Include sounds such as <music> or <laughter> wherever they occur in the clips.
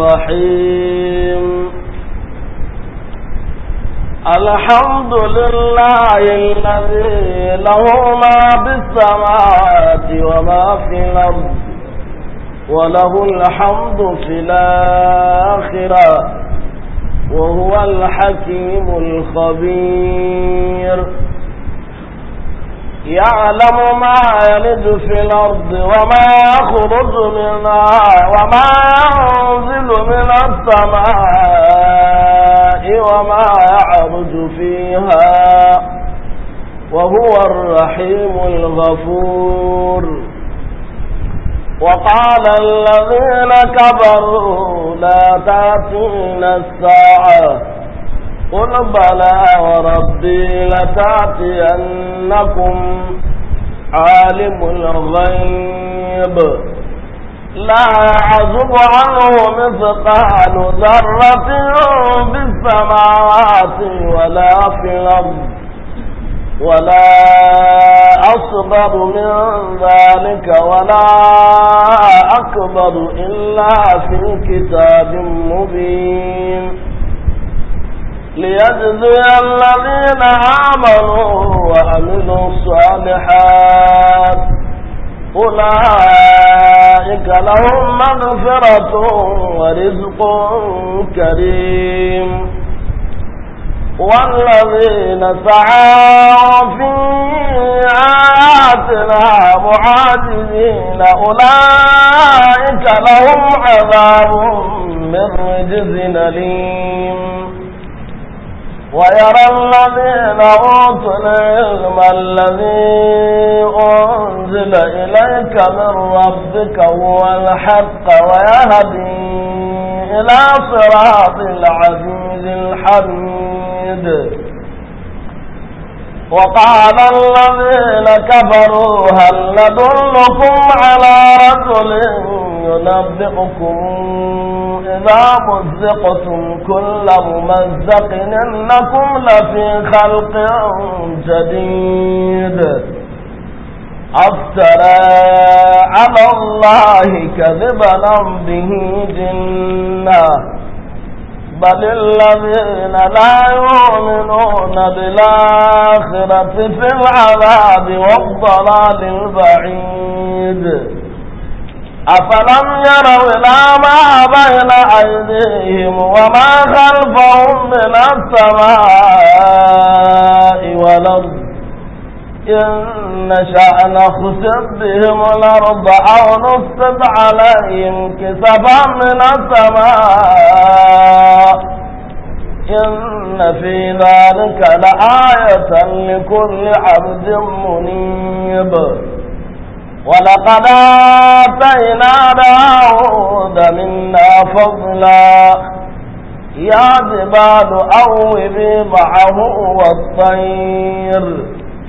الرحيم الحمد لله الذي له ما في السماوات وما في الأرض وله الحمد في الآخرة وهو الحكيم الخبير يعلم ما يلد في الأرض وما يخرج منها وما ينزل من السماء وما يعرج فيها وهو الرحيم الغفور وقال الذين كفروا لا تأتين الساعة قل بلى وربي لتأتينكم عالم الغيب لا يعزب عنه مثقال ذرة في السماوات ولا في الأرض ولا أصغر من ذلك ولا أكبر إلا في كتاب مبين zzaina hananụa aisuaiha ụ mmaụ zrzwadzogari nwaadi na na-afaratu na-sacabu ụlọ saaozihazinhaụaazizina ụlah ịgalahụ alaụmerdzini ويرى الذين أوتوا العلم الذي أنزل إليك من ربك هو الحق ويهدي إلى صراط العزيز الحميد وقال الذين كفروا هل ندلكم على رجل ينبئكم إذا مزقتم كل ممزق إنكم لفي خلق جديد أفترى على الله كذبا به جنة بل الذين لا يؤمنون بالآخرة في العذاب والضلال البعيد أفلم يروا إلى ما بين أيديهم وما خلفهم من السماء والأرض إن نشاء نخسف بهم الأرض أو نسقط عليهم كسفا من السماء إن في ذلك لآية لكل عبد منيب ولقد آتينا داود منا فضلا يا جبال أوبي معه والطير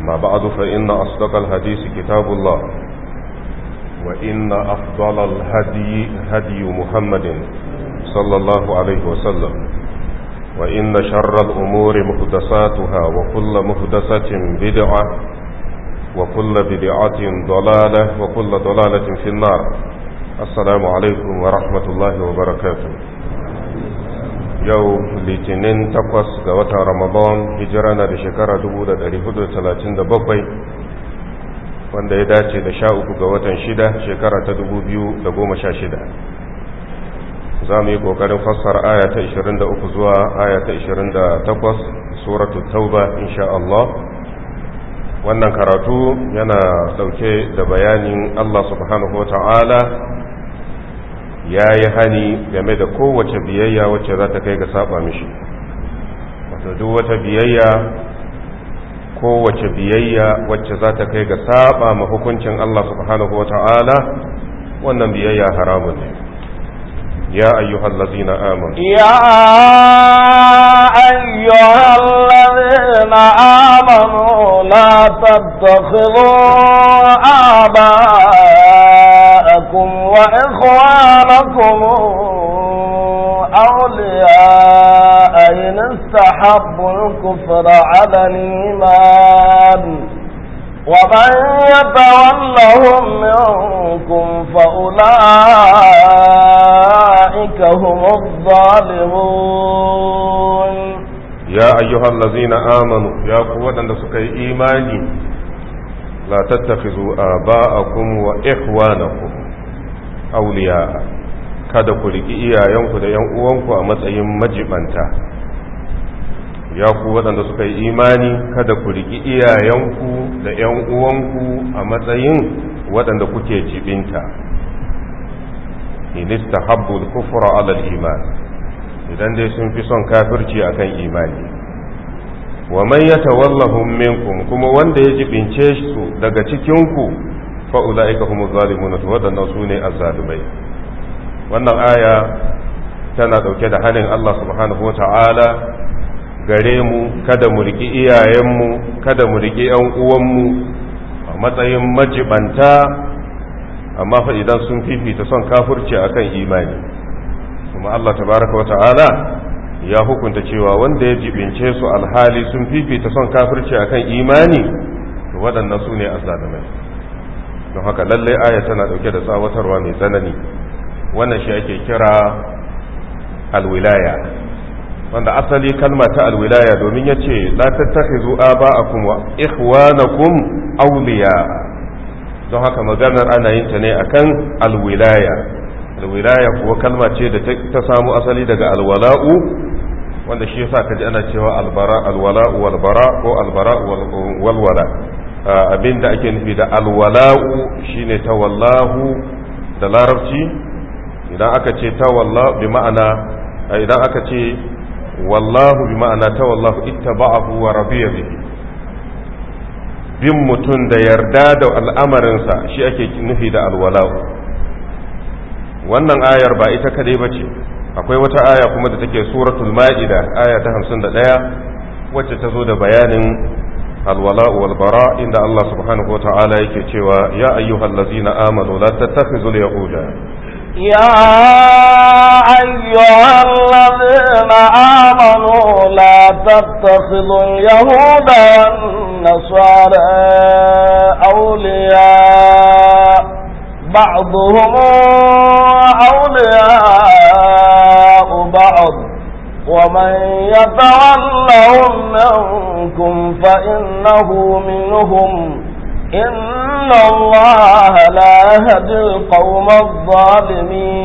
أما بعد فإن أصدق الحديث كتاب الله وإن أفضل الهدي هدي محمد صلى الله عليه وسلم وإن شر الأمور محدثاتها وكل محدثة بدعة وكل بدعة ضلالة وكل ضلالة في النار السلام عليكم ورحمة الله وبركاته yau litinin takwas ga watan ramadan hijira na da shekara 437 wanda ya dace da sha uku ga watan shida shekara ta 2016 za mu yi kokarin fassara aya ta 23 zuwa aya ta 28 suratul tauba insha Allah wannan karatu yana dauke da bayanin Allah subhanahu wa ta'ala ya yi hani game da kowace biyayya wacce za ta kai ga saba mishi wato duk wata biyayya kowace biyayya wacce za ta kai ga saba ma hukuncin Allah subhanahu wa ta'ala wannan biyayya haramun ne ya ayyuhal ladzina amanu ya ayyuhal ladzina amanu la tattakhidhu aba أبناءكم وإخوانكم أولياء إن استحبوا الكفر على الإيمان ومن يتولهم منكم فأولئك هم الظالمون يا أيها الذين آمنوا يا قوة لسك إيماني لا تتخذوا آباءكم وإخوانكم auliya kada ku riƙi iyayenku da 'yan uwanku a matsayin majibanta ya ku waɗanda suka yi imani kada ku riƙi iyayenku da 'yan uwanku a matsayin waɗanda kuke jibinta inista habbul kufra alal iman idan dai sun fi son kafirci akan imani wa man yatawallahum minkum kuma wanda ya jibince su daga cikin ku. fa ulaika humu zalimuna to waɗannan su ne wannan aya tana ɗauke da halin Allah subhanahu wa ta'ala gare mu kada mu riki iyayenmu kada mu riki yan uwanmu a matsayin majibanta amma fa idan sun fifita son kafurci akan imani kuma Allah tabaraka wa ta'ala ya hukunta cewa wanda ya jibince su alhali sun fifita son kafirci akan imani to waɗannan su ne azzalumai don haka lallai aya tana dauke da tsawatarwa mai tsanani wannan shi ake kira alwilaya wanda asali kalma ta alwilaya domin ya ce la ba kuma ikwana kum auliya don haka maganar ana yin ta ne akan alwilaya alwilaya kuwa kalma ce da ta samu asali daga alwala'u wanda shi yasa kaji ana cewa albara alwala'u ko albara walwala abin da ake nufi da alwala'u shine tawallahu da larabci idan aka ce tawallahu bi ma'ana idan aka ce wallahu bi ma'ana tawallahu ittaba'ahu wa rabiya bihi bin mutum da yarda da al'amarinsa shi ake nufi da alwala'u wannan ayar ba ita kadai ba ce akwai wata aya kuma da take suratul ma'ida aya ta ɗaya wacce ta zo da bayanin الولاء والبراء إن الله سبحانه وتعالى يكتوى يا أيها الذين آمنوا لا تتخذوا اليهود يا أيها الذين آمنوا لا تتخذوا اليهود والنصارى أولياء بعضهم أولياء بعض ومن يتولهم منكم فإنه منهم إن الله لا يهدي القوم الظالمين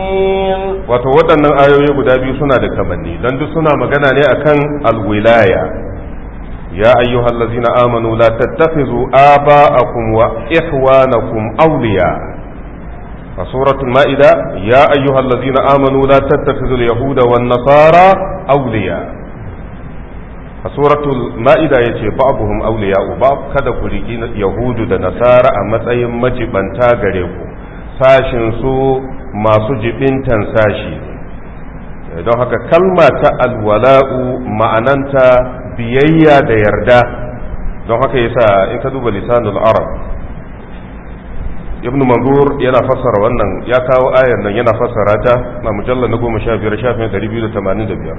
wato waɗannan ayoyi guda biyu suna da kamanni don duk suna magana ne akan alwilaya ya ayyuhallazina amanu la tattakhidhu aba'akum wa ihwanakum awliya a suratul ma'ida ya ayyuhal ladzina amanu la tattakhidul yahuda wan nasara awliya a suratul ma'ida yace ba'dhum awliya'u ba kada ku riki yahudu da nasara a matsayin majiɓanta gare ku sashin su masu jibintan sashi don haka kalma ta alwala'u ma'ananta biyayya da yarda don haka yasa in ka duba lisanul arab ibn manzur yana fassara wannan ya kawo ayar nan yana fassara ta na mujallar na goma sha biyar shafin ɗari biyu da tamanin da biyar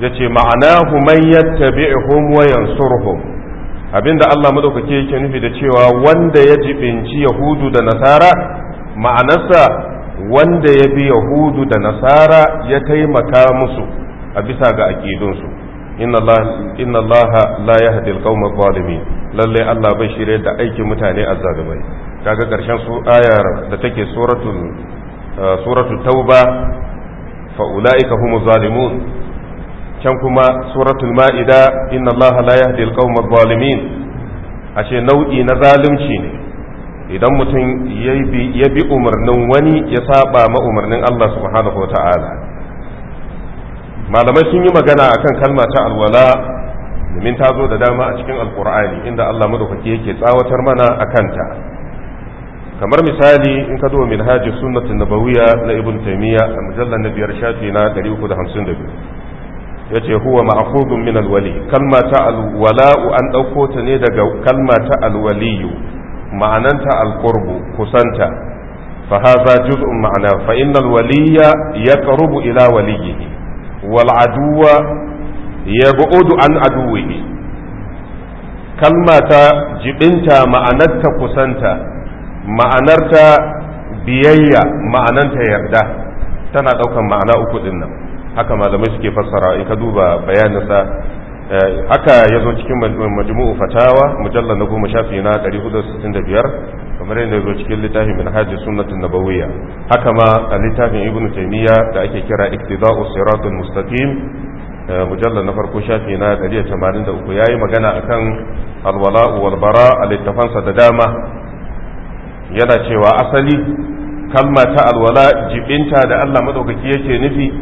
ya ce ma'ana man yattabi'uhum wa yansurhum abinda Allah madaukake yake nufi da cewa wanda ya jibinci yahudu da nasara ma'anarsa wanda ya bi yahudu da nasara ya taimaka musu a bisa ga aƙidunsu inna Allah la yahdi al-qawma lalle Allah bai shirye da aikin mutane azzalumai kaga ƙarshen su ayar da take suratul uh, suratul tauba fa ulaika humu zalimun can kuma suratul ma'ida inna allaha la yahdi alqawma zalimin ashe nau'i na zalunci ne idan mutum ya bi umarnin wani ya saba ma umarnin Allah subhanahu wa ta'ala malamai sun yi magana akan kalma ta alwala domin ta zo da dama a cikin alkur'ani inda Allah madaukaki yake tsawatar mana a kanta kamar misali in ka duba minhaji sunnatin nabawiya na ibn taymiya a mujallar na biyar shafi na 352 yace huwa ma'khudun min alwali kalma ta alwala'u an dauko ta ne daga kalma ta alwaliyu ma'ananta alqurbu kusanta fa hadha juz'un ma'ana fa inna alwaliya yaqrubu ila waliyhi wal aduwa yab'udu an aduwihi kalma ta jibinta ma'anarta kusanta ma'anarta biyayya ma'ananta yarda tana ɗaukan ma'ana uku ɗin nan haka malamai suke fassara in ka duba bayaninsa eh, haka ya zo cikin majmu'u fatawa mujallar na goma shafi na 465 kamar yadda yazo zo cikin littafin min hajji sunnatun nabawiyya haka ma a littafin ibnu taymiya da ake kira iktida'u siratul mustaqim eh, mujallar na farko shafi na 183 yayi magana akan alwala'u wal bara a littafansa da dama yana cewa asali kalma ta alwala jibinta da Allah madaukaki yake nufi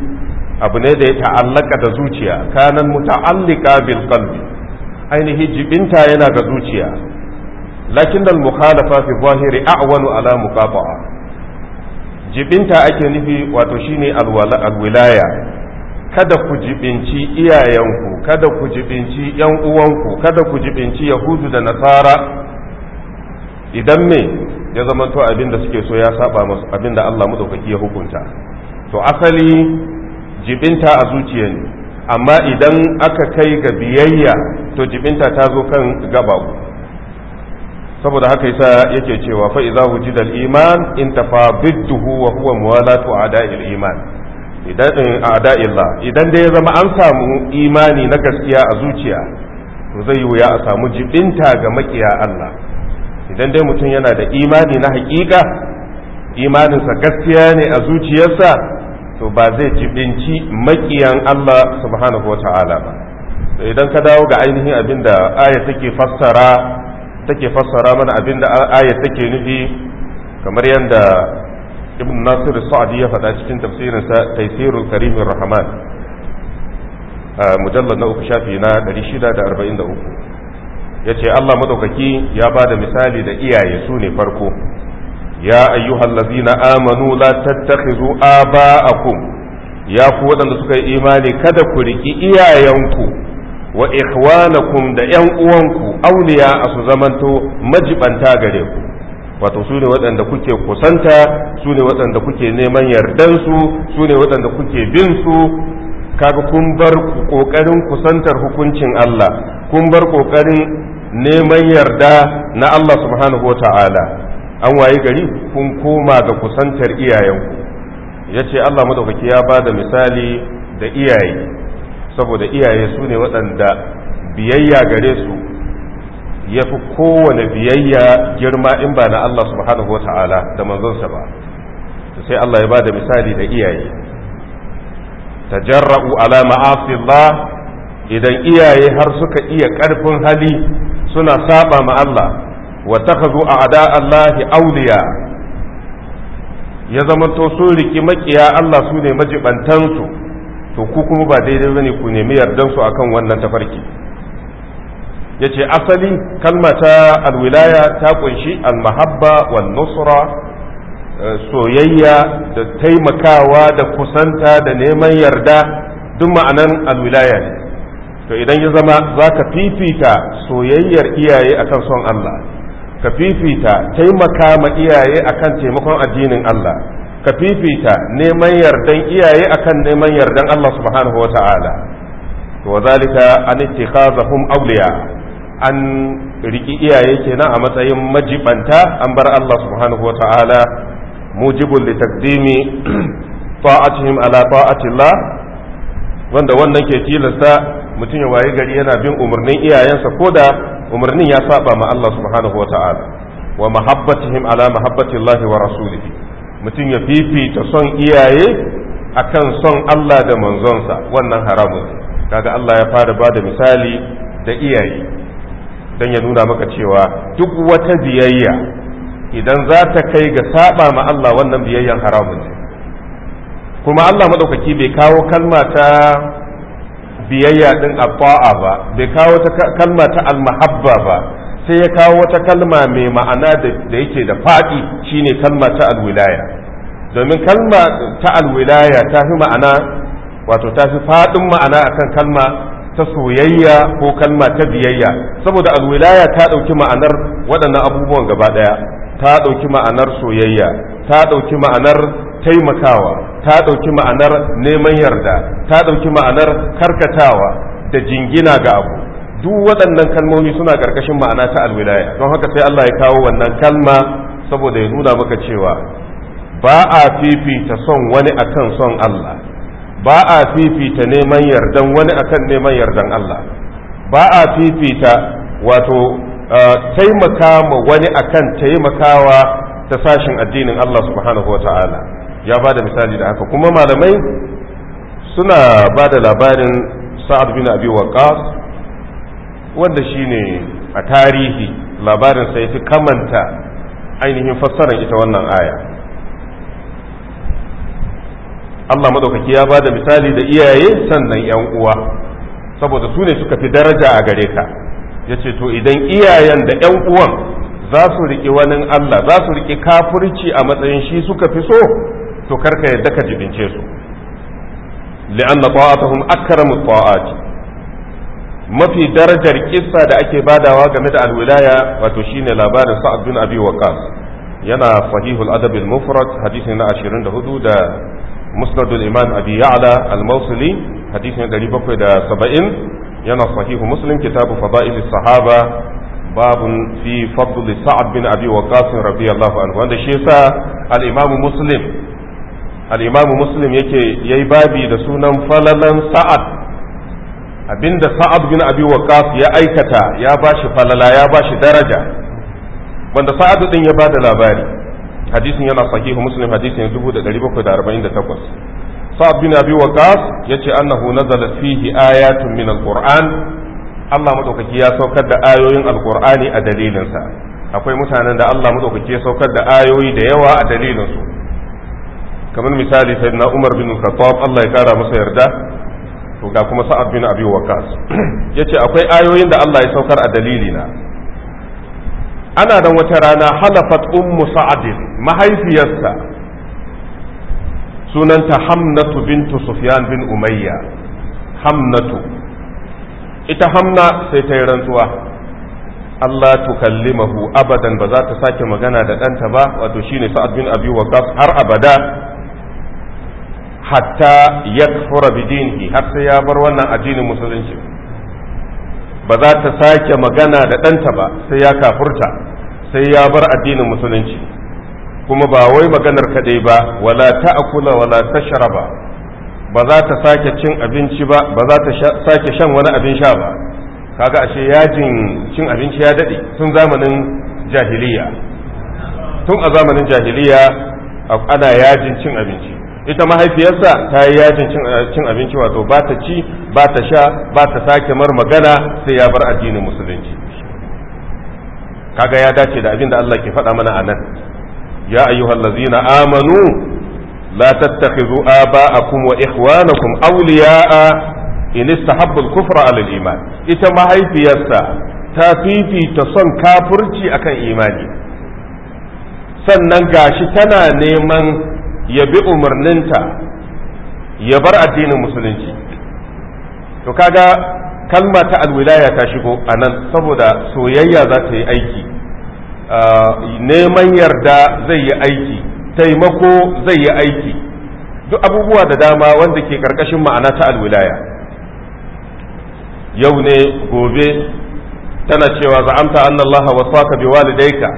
abu ne da ya ta'allaka da zuciya kanan muta'allika bil qalbi ainihi jibinta yana ga zuciya lakin dal mukhalafa fi zahiri a'wanu ala muqata'a jibinta ake nufi wato shine alwilaya kada ku jibinci iyayenku kada ku jibinci yan uwanku kada ku jibinci yahudu da nasara idan me ya zamanto abin da suke so ya saba masu abin da Allah madaukaki ya hukunta to asali jibinta a zuciya ne amma idan aka kai ga biyayya to jibinta ta zo kan gaba saboda haka yasa yake cewa fa idza wujida al-iman bidduhu wa huwa muwalatu a'da'il iman idan eh, a'da'illah idan dai ya zama an samu imani na gaskiya a zuciya to zai yi wuya a samu jibinta ga makiya Allah idan dai mutum yana da imani na hakika imaninsa gaskiya ne a zuciyarsa to ba zai jibinci makiyan Allah subhanahu wa ta'ala ba to idan ka dawo ga ainihin abin da aya take fassara take fassara mana abinda da aya take nufi kamar yadda ibn nasir sa'adi ya faɗa cikin tafsirinsa taisirul karimin rahman mujallad na uku shafi na 643 ya ce Allah madaukaki ya ba da misali da iyaye su ne farko ya ayyuhallazina amanu la tattakhizu aba'akum ya ku waɗanda suka yi imani kada ku riki iyayenku wa ikhwanakum da 'yan uwanku auliya a su zamanto majibanta gare ku wato su ne waɗanda kuke kusanta su ne waɗanda kuke neman yardansu su ne waɗanda kuke bin su kaga kun bar kokarin kusantar hukuncin Allah kun bar kokarin neman yarda na Allah subhanahu wa ta'ala an waye gari kun koma ga kusantar iyayenku yace Allah madaukaki ya bada misali da iyaye saboda iyaye su ne waɗanda biyayya gare su ya fi kowane biyayya girma in ba na Allah subhanahu wa ta'ala da manzonsa ba sai Allah ya ba da misali da iyaye tajarra'u ala ma'asillah idan iyaye har suka iya ƙarfin hali suna saba ma Allah wa takhazu a'da Allah awliya ya zamanto sun riki makiya Allah su ne su to ku kuma ba daidai bane ku nemi yardan su akan wannan tafarki yace asali kalma ta alwilaya ta kunshi almahabba wan nusra eh, soyayya da taimakawa da kusanta da neman yarda duk ma'anan alwilaya ne to idan ya zama za ka fifita soyayyar iyaye akan son Allah ka fifita taimaka ma iyaye akan taimakon addinin Allah ka fifita neman yardan iyaye akan neman yardan Allah subhanahu wa ta'ala wa zalika an ittikhazahum awliya an riki iyaye kenan a matsayin majibanta an bar Allah subhanahu wa ta'ala mujibul li taqdimi <clears throat> ta'atihim ala ta'atillah wanda wannan ke tilasta mutum ya wayi gari yana bin umarnin iyayensa ko da umarnin ya saba ma Allah subhanahu wa ta'ala wa mahabbatihim ala mahabbati Allah wa rasulihi mutum ya fifita son iyaye akan son Allah da manzonsa wannan haramun kaga Allah ya fara bada misali da iyaye dan ya nuna maka cewa duk wata biyayya idan za ta kai ga saba ma Allah wannan biyayyan haramun ne kuma Allah madaukaki bai kawo kalma ta biyayya din afa'a ba bai kawo wata kalma ta almahabba ba sai ya kawo wata kalma mai ma'ana da yake da faɗi shine kalma ta alwilaya domin kalma ta alwilaya ta fi ma'ana wato ta fi faɗin ma'ana akan kalma ta soyayya ko kalma ta biyayya saboda alwilaya ta ɗauki ma'anar waɗannan abubuwan gaba ɗaya ta ɗauki ma'anar soyayya ta ɗauki ma'anar taimakawa ta ɗauki ma'anar neman yarda ta ɗauki ma'anar karkatawa da jingina ga abu duk waɗannan kalmomi suna ƙarƙashin ma'ana ta alwilaya don haka sai Allah ya kawo wannan kalma saboda ya nuna maka cewa ba a fifita son wani akan son Allah ba a fifita neman yardan wani akan neman yardan Allah ba a fifita wato uh, taimaka ma wani akan taimakawa ta sashin addinin Allah subhanahu wa ta'ala ya ba da misali da haka kuma malamai suna ba da labarin sa'ad bin abi waqas wanda shine a tarihi labarin sai fi kamanta ainihin fassarar ita wannan aya Allah madaukaki ya ba da misali da iyaye sannan yan uwa saboda su ne suka fi daraja a gare ka ya ce to idan iyayen da yan uwan za su riƙi wani Allah za su riƙi kafirci a matsayin shi suka fi so to karka yadda ka jibince su li'anna ta'atuhum akramu ta'at mafi darajar kissa da ake badawa game da alwilaya wato shine labarin sa'ad bin abi waqas yana sahihul adab al-mufrad hadisi na 24 da musnad al-imam abi ya'la al-mawsili hadisi na 770 yana sahihu muslim kitabu fada'il sahaba babun fi fadl sa'ad bin abi waqas radiyallahu anhu wanda shi yasa al-imam muslim al'imamu muslim yake yayi babi da sunan falalan sa'ad abinda sa'ad bin abi waqas ya aikata ya bashi falala ya bashi daraja wanda sa'ad din ya bada labari hadisin yana sahihu muslim hadisin 1748 sa'ad bin abi waqas yace annahu nazala fihi ayatun min alquran Allah madaukaki ya saukar da ayoyin alqur'ani a dalilinsa akwai mutanen da Allah madaukaki ya saukar da ayoyi da yawa a dalilinsu kamar misali sai na umar bin khattab Allah ya kara masa yarda to ga kuma sa'ad bin abi waqas <clears throat> yace akwai ayoyin da Allah ya saukar a dalili na. ana da wata rana halafat ummu sa'ad mahaifiyarsa sunanta hamnatu bintu sufyan bin umayya hamnatu ita hamna sai ta yi rantsuwa Allah mahu abadan ba za ta sake magana da ɗanta ba wato shine sa'ad bin abi har abada hatta bi bidinihi har sai ya bar wannan addinin musulunci ba za ta sake magana da ɗanta ba sai ya kafurta sai ya bar addinin musulunci kuma ba wai maganar kaɗai ba wala ta'kula wala tashraba ba za ta sake cin abinci ba ba za ta sake shan wani abin sha ba kaga ashe yajin cin abinci ya daɗe tun zamanin jahiliya tun a zamanin jahiliya ana yajin cin abinci ita mahaifiyarsa ta yi yajin eh, cin abinci wato ba ta ci ba ta sha ba ta sake mar magana sai ya bar addinin musulunci kaga ya dace da abin da Allah ke faɗa mana a nan ya ayyuhal ladzina amanu la tattakhidhu aba'akum wa ikhwanakum awliya'a in istahabbu al-kufra 'ala al-iman ita mahaifiyarsa ta fifita son kafirci akan imani sannan gashi tana neman ya bi umarninta ya bar addinin musulunci to kaga kalma ta alwilaya ta shigo a nan saboda soyayya za ta yi aiki ah, neman yarda zai yi aiki taimako zai yi aiki duk abubuwa da dama wanda ke karkashin ma'ana ta alwilaya yau ne gobe tana cewa za'amta annallaha wasaka bi ka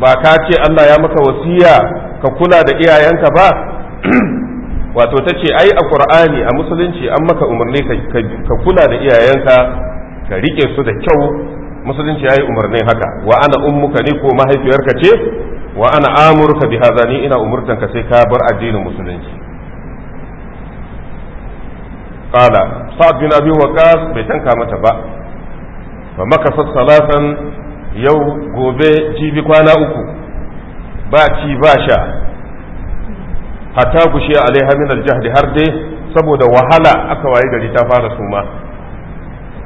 ba ka ce Allah ya maka wasiya ka kula da iyayenka ba <clears throat> wato ta ce ai a qur'ani a musulunci an maka umarni ka kula da iyayenka ka rike su da kyau musulunci ya yi umarnin haka wa ana ummuka ne ko mahaifiyarka ce wa ana amurka bi haza ni ina ka sai ka bar addinin musulunci qala sa'ad bin abi waqas bai tanka mata ba fa maka salatan yau gobe jibi kwana uku ba ci ba sha hatta gushe alaiha min aljahdi har dai saboda wahala aka waye gari ta fara suma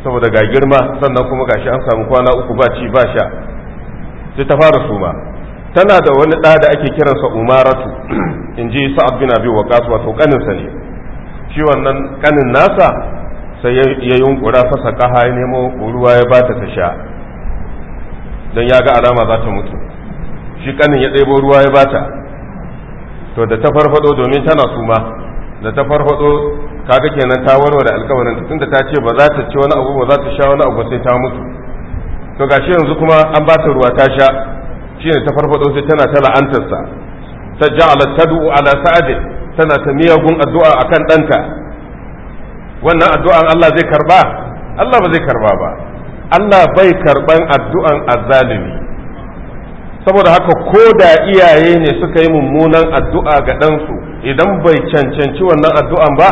saboda ga girma sannan kuma gashi an samu kwana uku ba ci ba sha sai ta fara suma tana da wani ɗa da ake kiransa umaratu <clears throat> in ji sa'ad bin abi waqas wato kaninsa ne shi wannan kanin nasa sai ya yunkura fasa kaha ya nemo ruwa ya bata ta sha dan ya ga alama za ta mutu shi kanin ya ɗebo ruwa ya bata to da ta farfado domin tana suma da ta farfado kaga kenan ta warware alkawarin tunda ta ce ba za ta ci wani abu ba za ta sha wani abu sai ta mutu to gashi yanzu kuma an bata ruwa ta sha shine ta farfado sai tana ta la'antarsa ta ja'ala tad'u ala sa'adin tana ta miyagun addu'a akan danta wannan addu'an Allah zai karba Allah ba zai karba ba Allah bai karban addu'an azzalimi saboda haka ko da iyaye ne suka yi mummunan addu'a ga ɗansu idan bai cancanci wannan addu'an ba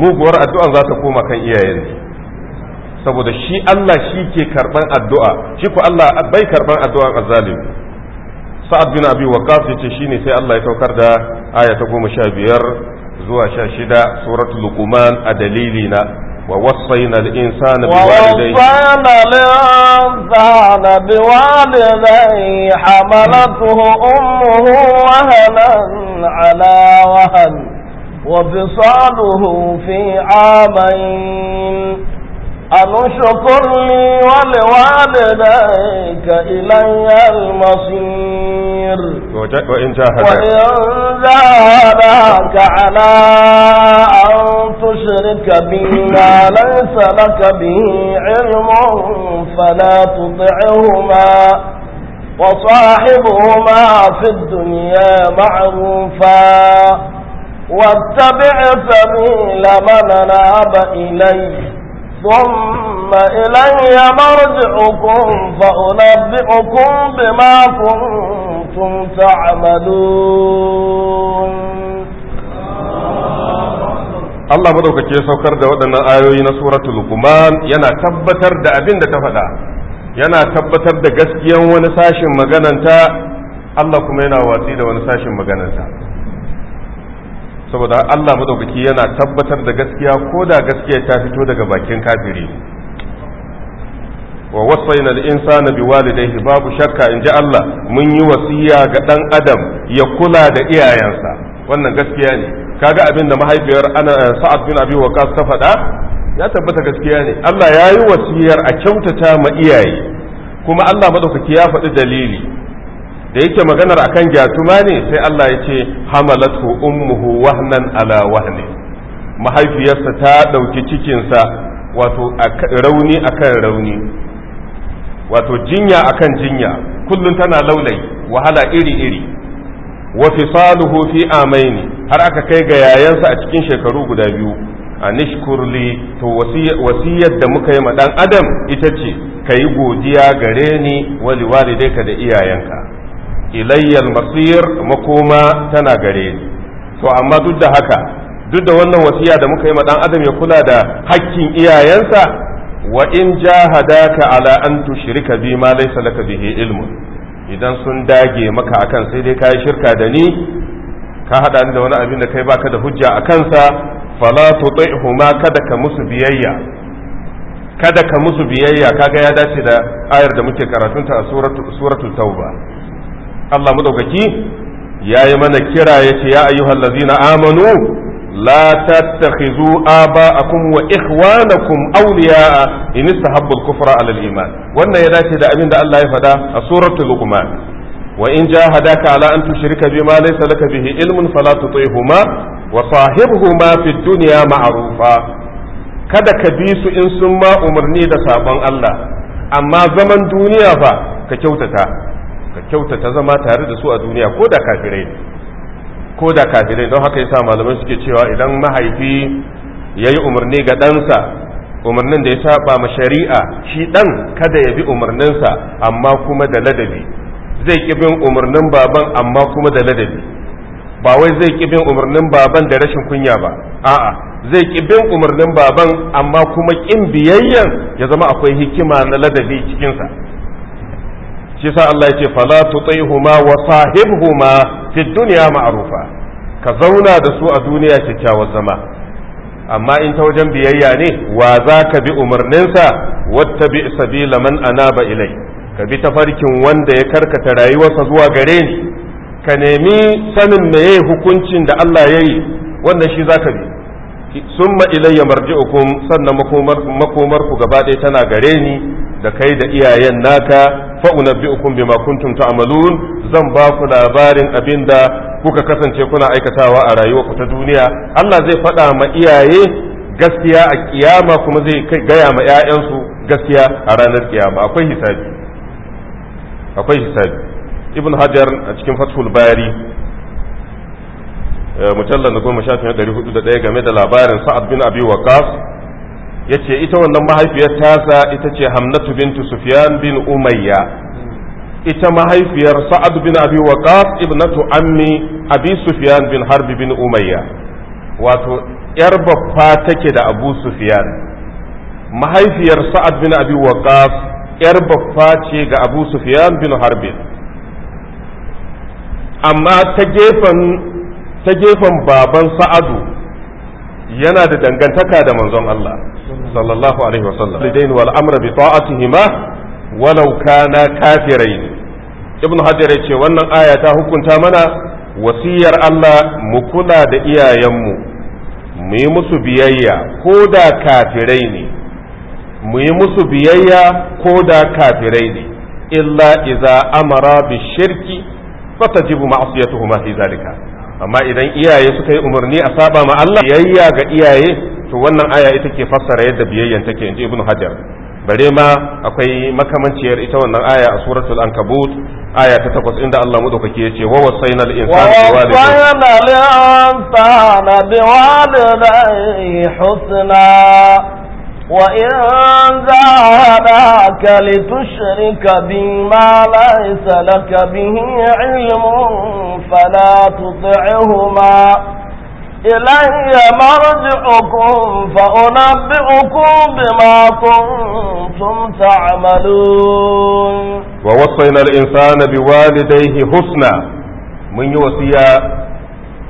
muguwar addu'an za ta koma kan iyaye saboda shi Allah shi ke karɓar addu'a shi ko Allah bai addu'a addu'an azzalimi sa'ad bin abi ce yace shine sai Allah ya saukar da aya ta goma sha biyar zuwa sha shida suratul luqman a dalilina ووصينا الإنسان بوالديه ووصينا الإنسان بوالديه حملته أمه وهنا على وهن وفصاله في عامين أن اشكر لي ولوالديك إلي المصير وإن جاهداك على أن تشرك بي ما ليس لك به علم فلا تطعهما وصاحبهما في الدنيا معروفا واتبع سبيل من ناب إليه ثم إلي مرجعكم فأنبئكم بما كنتم تعملون Allah madaukake saukar da waɗannan ayoyi na suratul Luqman yana tabbatar da abin da ta faɗa yana tabbatar da gaskiyan wani sashin magananta Allah kuma yana watsi da wani sashin magananta saboda Allah madaukake yana tabbatar da gaskiya ko da gaskiya ta fito daga bakin kafiri wa wasaina al-insana walidayhi babu shakka in ji Allah mun yi wasiya ga dan adam ya kula da iyayensa wannan gaskiya ne kaga abin da mahaifiyar ana eh, sa'ad bin abi waqas ta faɗa ya tabbata gaskiya ne Allah ya yi wasiyar a kyautata ma iyaye kuma Allah madaukaki ya faɗi dalili da yake maganar akan gyatuma ne sai Allah ya ce hamalatu ummuhu wahnan ala wahni mahaifiyarsa ta ɗauki cikinsa wato rauni akan rauni wato jinya akan jinya kullum tana laulai wahala iri iri wa fisaluhu fi amaini har aka kai ga yayansa a cikin shekaru guda biyu a nishkurli to wasiyar da muka yi ma dan adam ita ce ka yi godiya gare ni wali walidaika da iyayenka ilayyal masir makoma tana gare ni to amma duk da haka duk da wannan wasiya da muka yi ma dan adam ya kula da hakkin iyayensa wa in jahadaka ala an tushrika bi ma laysa laka bihi ilmun idan sun dage maka akan sai dai kayi shirka da ni ka hada ni da wani abin da kai baka da hujja a kansa fala tuti'huma kada ka musu biyayya kada ka musu biyayya kaga ya dace da ayar da muke karatunta a suratul tauba Allah madaukaki yayi mana kira yace ya ayyuhallazina amanu la a aba'akum wa ikhwanakum awliya'a in istahabbu al-kufra 'ala al-iman wannan ya dace da abin da Allah ya faɗa a suratul luqman wa in jahadaka 'ala shiri tushrika bima laysa laka bihi ilmun fala tuti'huma wa sahibhuma fid dunya maarufa. kada ka bi su in sun ma umarni da sabon Allah amma zaman duniya fa ka kyautata ka kyautata zama tare da su a duniya ko da kafirai ko da kafirai don haka yasa malamai suke cewa idan mahaifi ya yi umarni ga ɗansa umarnin da ya saba ma shari'a shi ɗan kada ya bi umarninsa amma kuma da ladabi zai ƙi bin umarnin baban amma kuma da ladabi ba wai zai ƙi bin umarnin baban da rashin kunya ba a'a zai ƙi bin umarnin baban amma kuma ƙin biyayyan ya zama akwai hikima na ladabi cikinsa shi sa Allah ya ce fala tutaihuma wa sahibhuma fi duniya ma'arufa ka zauna da su a duniya kyakkyawar zama amma in ta wajen biyayya ne wa za ka bi umarninsa wata bi sabila man anaba ilai ka bi tafarkin wanda ya karkata rayuwarsa zuwa gare ni ka nemi sanin meye hukuncin da Allah ya yi wannan shi za ka bi summa ilayya marji'ukum sannan makomarku gaba ɗaya tana gare ni da kai da iyayen naka fa unabbi'ukum bima kuntum ta'malun zan ba ku labarin abinda kuka kasance kuna aikatawa a rayuwarku ta duniya Allah zai faɗa ma iyaye gaskiya a kiyama kuma zai gaya ma 'ya'yansu gaskiya a ranar kiyama akwai hisabi akwai hisabi ibn hajar a cikin fathul bari eh, mujallar da goma shafin game da labarin sa'ad bin abi waqas yace ita wannan mahaifiyar tasa ita ce hamnatu bintu sufyan bin umayya ita mahaifiyar sa'ad bin abi waqas ibnatu ammi abi sufyan bin harb bin umayya wato yar babba take da abu sufyan mahaifiyar sa'ad bin abi waqas yar babba ce ga abu sufyan bin harb amma ta gefen ta gefen baban sa'adu yana da dangantaka da manzon Allah sallallahu alaihi wasallam lidain wal amra bi ta'atihima walau kana kafirain ibn hajar yace wannan aya ta hukunta mana wasiyar Allah mu kula da iyayenmu mu yi musu biyayya ko da kafirai ne mu yi musu biyayya ko da kafirai ne illa iza amara bi shirki fatajibu ma'asiyatuhuma fi zalika amma idan iyaye suka yi umarni a saba ma Allah biyayya ga iyaye to wannan aya ita ke fassara yadda biyayyan take inji ibnu hajar bare ma akwai makamanciyar ita wannan aya a suratul ankabut aya ta takwas inda Allah madaukake ya ce wa wasaina al insana bi walidayhi husna وإن ذهبك لتشرك بما ليس لك به علم فلا تطعهما إلي مرجعكم فأنبئكم بما كنتم تعملون ووصينا الإنسان بوالديه حسنا من يوصي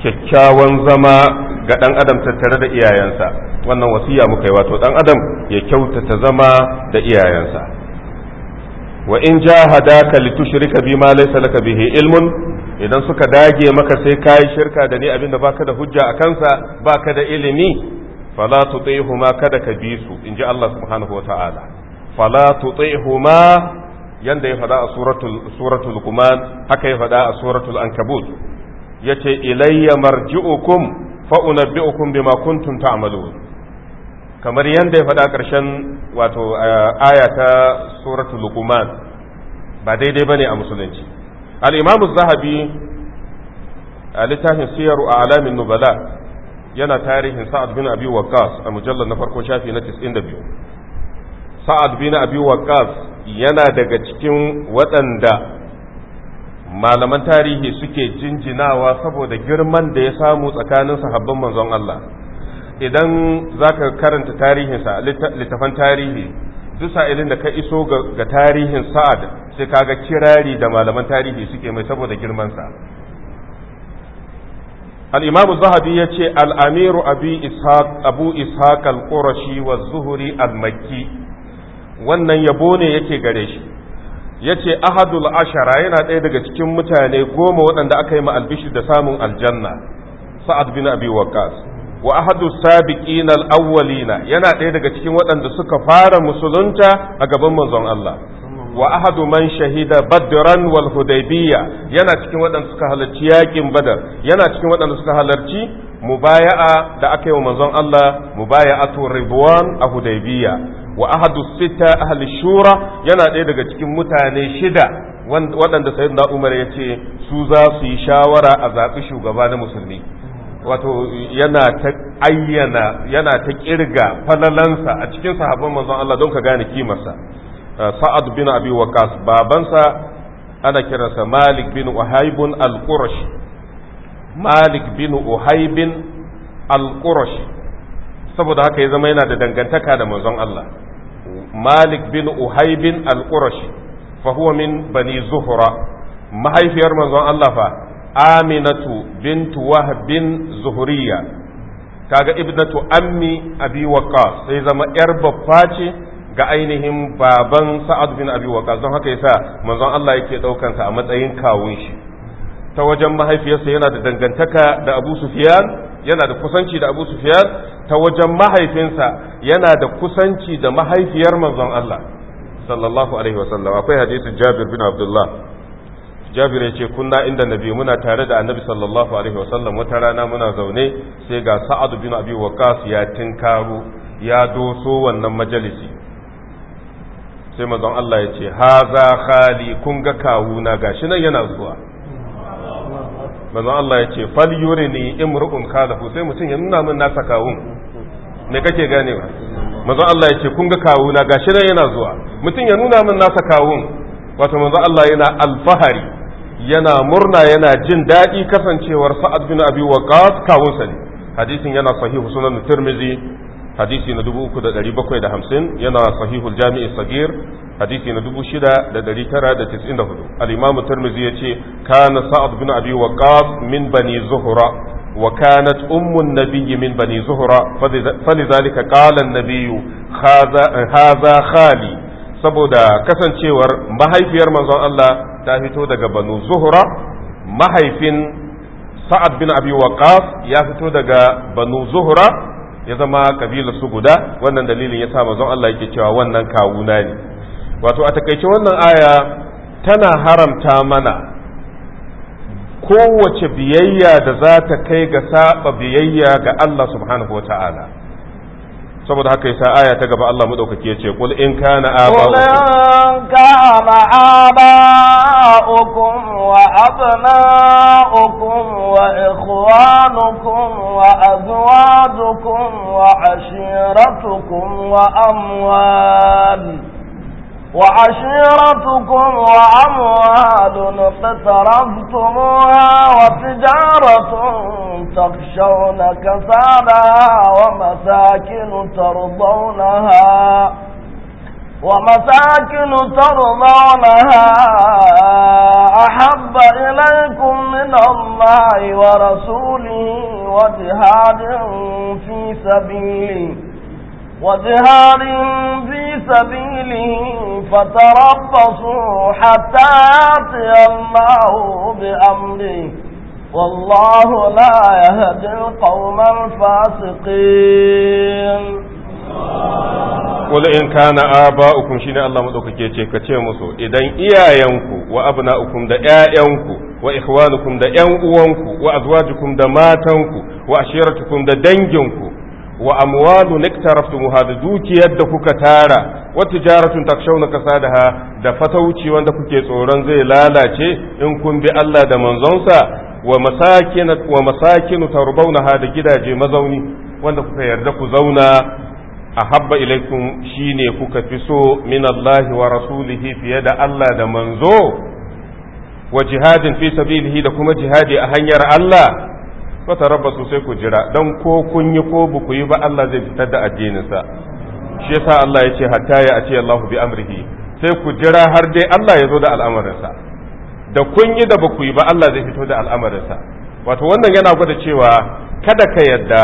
كتشاوان zama ga ɗan adam tattare da iyayensa wannan wasiya muka yi wato ɗan adam ya kyautata zama da iyayensa wa in jahadaka bi ma laysa laka bihi ilmun idan suka dage maka sai kai shirka da ni abinda baka da hujja a kansa baka da ilimi fala tuti'huma kada ka bi su inji Allah subhanahu wata'ala fala tuti'huma yanda ya faɗa a suratul suratul haka ya faɗa a suratul ankabut yace ilayya marji'ukum fa'unabbi'ukum bima kuntum ta'malun kamar yadda ya faɗa ƙarshen wato eh, aya ta suratul luqman ba daidai ba ne a musulunci al zahabi a littafin siyaru a alamin nubala yana tarihin sa'ad bin abi waqas a mujallar na farko shafi na 92 sa'ad bin abi waqas yana daga cikin waɗanda malaman tarihi suke jinjinawa saboda girman da ya samu tsakanin sahabban manzon Allah idan zaka karanta tarihinsa littafan tarihi duk sa'ilin da ka iso ga tarihin sa'ad sai kaga kirari da malaman tarihi suke mai saboda girman girmansa الإمام الذهبي يتي الأمير أبي إسحاق أبو إسحاق القرشي والزهري المكي wannan yabo ne yake gare shi ya ce ahadul ashara yana ɗaya daga cikin mutane goma waɗanda aka yi ma albishir da samun aljanna sa'ad bin abi waqas wa ahadu sabiqin al-awwalina yana ɗaya daga cikin waɗanda suka fara musulunta a gaban manzon Allah wa ahadu man shahida badran wal hudaybiya yana cikin waɗanda suka halarci yaƙin badar yana cikin waɗanda suka halarci mubaya'a da aka yi wa manzon Allah mubaya'atu ridwan a hudaybiya wa ahadu sita ahli shura yana ɗaya daga cikin mutane shida waɗanda sayyidina umar ya ce su za su yi shawara a zaɓi shugaba na musulmi wato yana ta ayyana yana ta kirga falalansa a cikin sahabban manzon Allah don ka gane kimarsa uh, sa'ad bin abi waqas babansa ana kiransa malik bin uhayb al qurash malik bin uhayb al qurash saboda haka ya zama yana da dangantaka da manzon Allah malik bin uhaibin al-qurashi fa bani zuhra mahaifiyar manzon Allah fa aminatu bintu wahb bin zuhriya kaga ibnatu ammi abi waqqas sai zama yar baffa ce ga ainihin baban sa'ad bin abi waqqas don haka yasa manzon Allah yake daukan a matsayin kawun shi ta wajen mahaifiyarsa yana da dangantaka da abu sufiyan yana da kusanci da abu sufiyan ta wajen mahaifinsa yana da kusanci da mahaifiyar manzon Allah sallallahu alaihi wasallam akwai hadisi jabir bin abdullah jabir yace kunna inda nabi muna tare da annabi sallallahu alaihi wasallam wata rana muna zaune sai ga sa'ad bin abi waqas ya tinkaro ya doso wannan majalisi sai manzon Allah yace haza khali kun ga kawuna gashi nan yana zuwa manzon Allah ya ce fal ni imru'un khalahu sai mutum ya nuna min nasa kawun me kake ganewa manzon Allah ya ce kun ga kawu na gashi nan yana zuwa mutum ya nuna min nasa kawun wato manzon Allah yana alfahari yana murna yana jin daɗi kasancewar sa'ad bin abi waqas kawunsa ne hadisin yana sahihu sunan tirmizi hadisi na 3750 yana sahihul jami'in sagir hadisi na 6994 al ya ce yace kana sa'ad bin abi waqqas min bani zuhra وكانت أم النبي من بني زهرة فلذلك قال النبي هذا خالي saboda kasancewar mahaifiyar manzon Allah ta fito daga banu zuhra mahaifin sa'ad bin abi waqas ya fito daga banu zuhra ya zama kabilar su guda wannan dalilin ya sa mazan Allah yake cewa wannan kawuna ne wato a takaice wannan aya tana haramta mana kowace biyayya da za ta kai ga saba biyayya ga Allah subhanahu wa ta'ala saboda haka yasa aya ta gaba Allah madaukaki yace qul in kana aba'ukum in kana aba'ukum wa abna'ukum wa ikhwanukum wa azwajukum wa ashiratukum wa amwal وعشيرتكم وأموال اقترفتموها وتجارة تخشون كسادها ومساكن ترضونها ومساكن ترضونها أحب إليكم من الله ورسوله وجهاد في سبيله وجهار في سبيله فتربصوا حتى يأتي الله بأمره والله لا يهدي القوم الفاسقين ولئن كان آباؤكم شيني الله مدوك كيتشي كتشي مسو إذن إيايانكو وأبناؤكم دا إيايانكو وإخوانكم دا إنقوانكو وأزواجكم دا ماتانكو وأشيرتكم دا دنجنكو wa amwalu niktaraftumuha da dukiyar da kuka tara wa tijaratun takshawna kasadaha da fatauci wanda kuke tsoron zai lalace in kun bi Allah da manzonsa wa masakin wa masakin tarbawnaha da gidaje mazauni wanda kuka yarda ku zauna ahabba ilaikum shine kuka fi so min Allah wa rasulihi fiye da Allah da manzo wa jihadin fi sabilihi da kuma jihadi a hanyar Allah wata rabbasu sai ku jira don ko kun yi ko bu ku yi ba Allah zai fitar da addininsa shi yasa Allah ya ce hatta ya ce Allahu bi amrihi sai ku jira har dai Allah ya zo da al'amarinsa da kun yi da ba ku yi ba Allah zai fito da al'amarinsa wato wannan yana gwada cewa kada ka yadda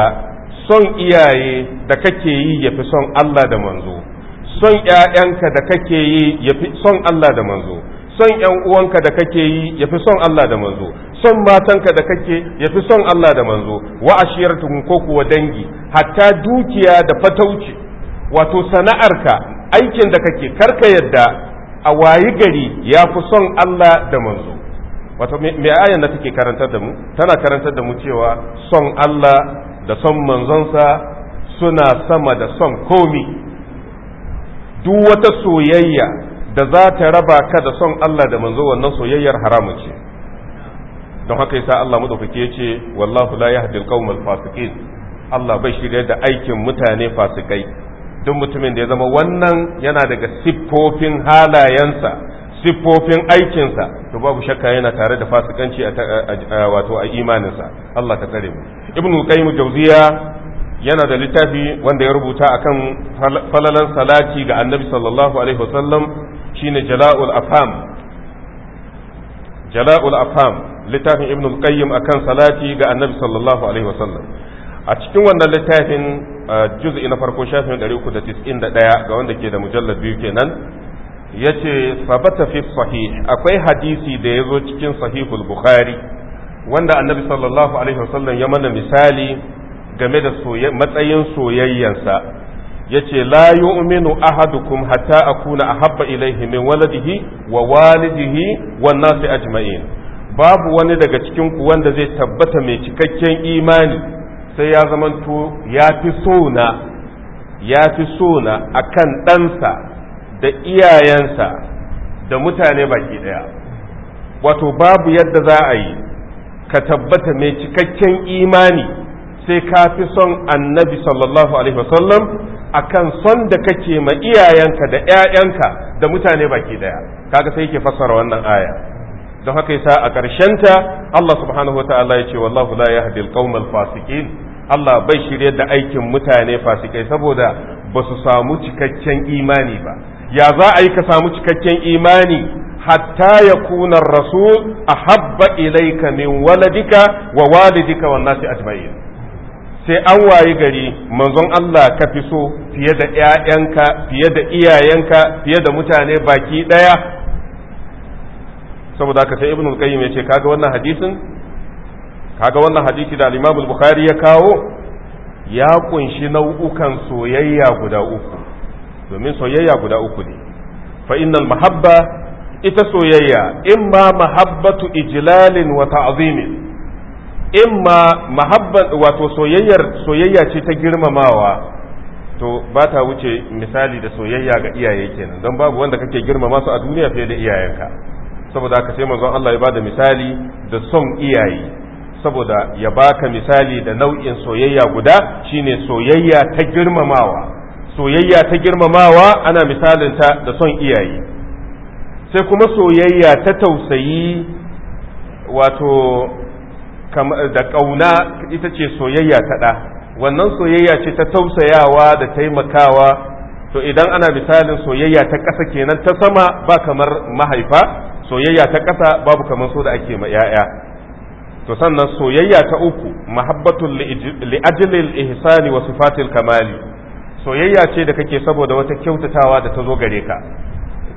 son iyaye da kake yi ya fi son Allah da manzo son ƴaƴanka da kake yi ya fi son Allah da manzo son ƴan uwanka da kake yi ya fi son Allah da manzo son matanka da kake ya fi son Allah da manzo wa ashiyartum ko kuwa dangi hatta dukiya da fatauci wato sana'arka aikin da kake karka yadda a wayi gari ya fi son Allah da manzo wato me ayan da take karantar da mu tana karantar da mu cewa son Allah da son manzonsa suna sama da son komi duk wata soyayya da za ta raba ka da son Allah da manzo wannan soyayyar haramun ce don haka yasa Allah madaukake yace wallahu la yahdi al fasiqin Allah bai shirya da aikin mutane fasikai duk mutumin da ya zama wannan yana daga siffofin halayensa siffofin aikinsa to babu shakka yana tare da fasikanci a wato a imaninsa Allah ta tsare mu ibnu qayyim jawziya yana da littafi wanda ya rubuta akan falalan salati ga annabi sallallahu alaihi wasallam shine jala'ul afham jala'ul afham littafin ibn al-qayyim akan salati ga annabi sallallahu alaihi wasallam a cikin wannan littafin juz'i na farko shafin 391 ga wanda ke da mujallad biyu kenan yace sabata fi sahih akwai hadisi da yazo cikin sahihul bukhari wanda annabi sallallahu alaihi wasallam ya mana misali game da matsayin soyayyansa yace la yu'minu ahadukum hatta akuna ahabba ilayhi min waladihi wa walidihi wan nasi ajma'in babu wani daga cikinku wanda zai tabbata mai cikakken imani sai ya zamanto ya fi sona ya fi sona a kan ɗansa da iyayensa da mutane baki ɗaya wato babu yadda za a yi ka tabbata mai cikakken imani sai ka fi son annabi sallallahu alaihi wasallam a son da kake ma iyayenka da 'ya'yanka da mutane baki ɗaya kaga sai yake fassara wannan aya don haka yasa a ta Allah subhanahu wataala ya ce wallahu la yahdi alqaumal fasiqin Allah bai shirye da aikin mutane fasikai saboda ba su samu cikakken imani ba ya za a yi ka samu cikakken imani hatta ya kuna rasul a habba ilaika min waladika wa walidika wa nasi ajma'in sai an wayi gari manzon Allah ka fi so fiye da ‘ya'yanka fiye da iyayenka fiye da mutane baki ɗaya saboda haka sai ibnul qayyim yace kaga wannan hadisin kaga wannan hadisi da al-imam al-bukhari ya kawo ya kunshi nau'ukan soyayya guda uku domin soyayya guda uku ne fa innal mahabba ita soyayya imma mahabbatu ijlalin wa ta'zimin imma mahabba wato soyayyar soyayya ce ta girmamawa to ba ta wuce misali da soyayya ga iyaye kenan don babu wanda kake girmama su a duniya fiye da iyayenka saboda haka sai manzon Allah ya bada misali da son iyaye saboda ya baka misali da nau'in soyayya guda shine soyayya ta girmamawa soyayya ta girmamawa ana misalinta da son iyaye sai kuma soyayya ta tausayi wato da ƙauna ita ce soyayya ta ɗa wannan soyayya ce ta tausayawa da taimakawa to idan ana misalin soyayya ta ƙasa kenan ta sama ba kamar mahaifa soyayya ta ƙasa babu kamar so da ake ma 'ya'ya to sannan soyayya ta uku mahabbatul li'ajlil ihsani wa sifatil kamali soyayya ce da kake saboda wata kyautatawa da ta zo gare ka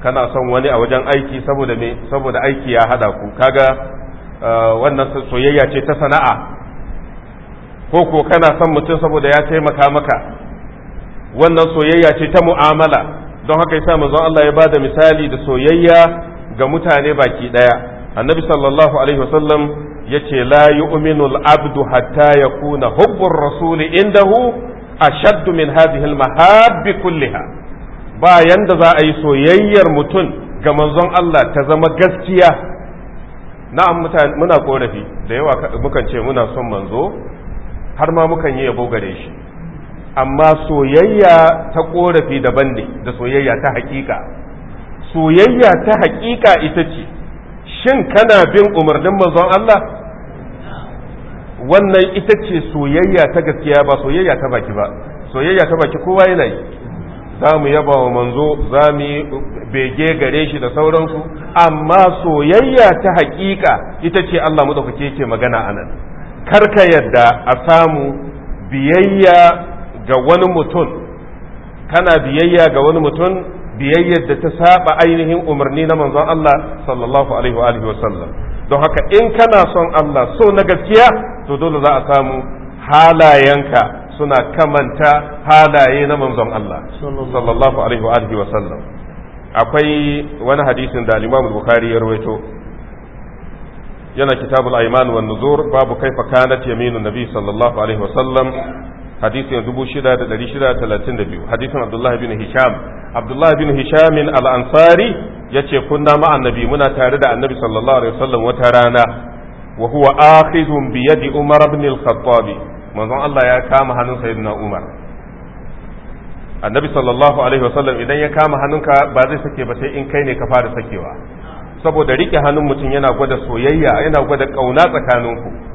kana son wani a wajen aiki saboda me saboda aiki ya hada ku kaga eh, wannan soyayya ce ta sana'a ko ko kana son mutum saboda ya taimaka maka wannan soyayya ce ta mu'amala don haka ya yasa manzon Allah ya bada misali da soyayya ga mutane baki ɗaya. annabi sallallahu alaihi wasallam yace la yu'minu al-abdu hatta yakuna hubbur rasuli indahu ashadd min hadhihi al-mahab kulliha bayan da za a yi soyayyar mutum ga manzon Allah ta zama gaskiya na'am mutane muna korafi da yawa mukan ce muna son manzo har ma mukan yi yabo gare shi amma soyayya ta korafi daban ne da soyayya ta haƙiƙa. soyayya ta haƙiƙa ita ce shin kana bin umarnin mazan Allah wannan ita ce soyayya ta gaskiya ba soyayya ta baki ba soyayya ta baki kowa yana yi za mu yaba wa manzo za mu bege gare shi da sauransu amma soyayya ta haƙiƙa ita ce Allah ke yake magana anan karka yadda a samu biyayya ga wani mutum kana biyayya ga wani mutum biyayyar da ta saba ainihin umarni na manzon Allah sallallahu alaihi wa alihi wa sallam don haka in kana son Allah so na gaskiya to dole za a samu halayenka suna kamanta halaye na manzon Allah sallallahu alaihi wa alihi wa sallam akwai wani hadisin da Imam Bukhari ya rawaito yana kitabul ayman wan nuzur babu kaifa kanat yaminu nabi sallallahu alaihi wa sallam hadisi ya dubu shida da ɗari shida talatin da biyu hadisin abdullahi bin hisham abdullahi bin hishamin al'ansari ya ce kunna ma annabi muna tare da annabi sallallahu alaihi wasallam wata rana wa huwa akhidhun bi yadi umar ibn Allah ya kama hannun sayyidina umar annabi sallallahu alaihi wasallam idan ya kama hannunka ba zai sake ba sai in kai ne ka fara sakewa saboda rike hannun mutum yana gwada soyayya yana gwada kauna tsakaninku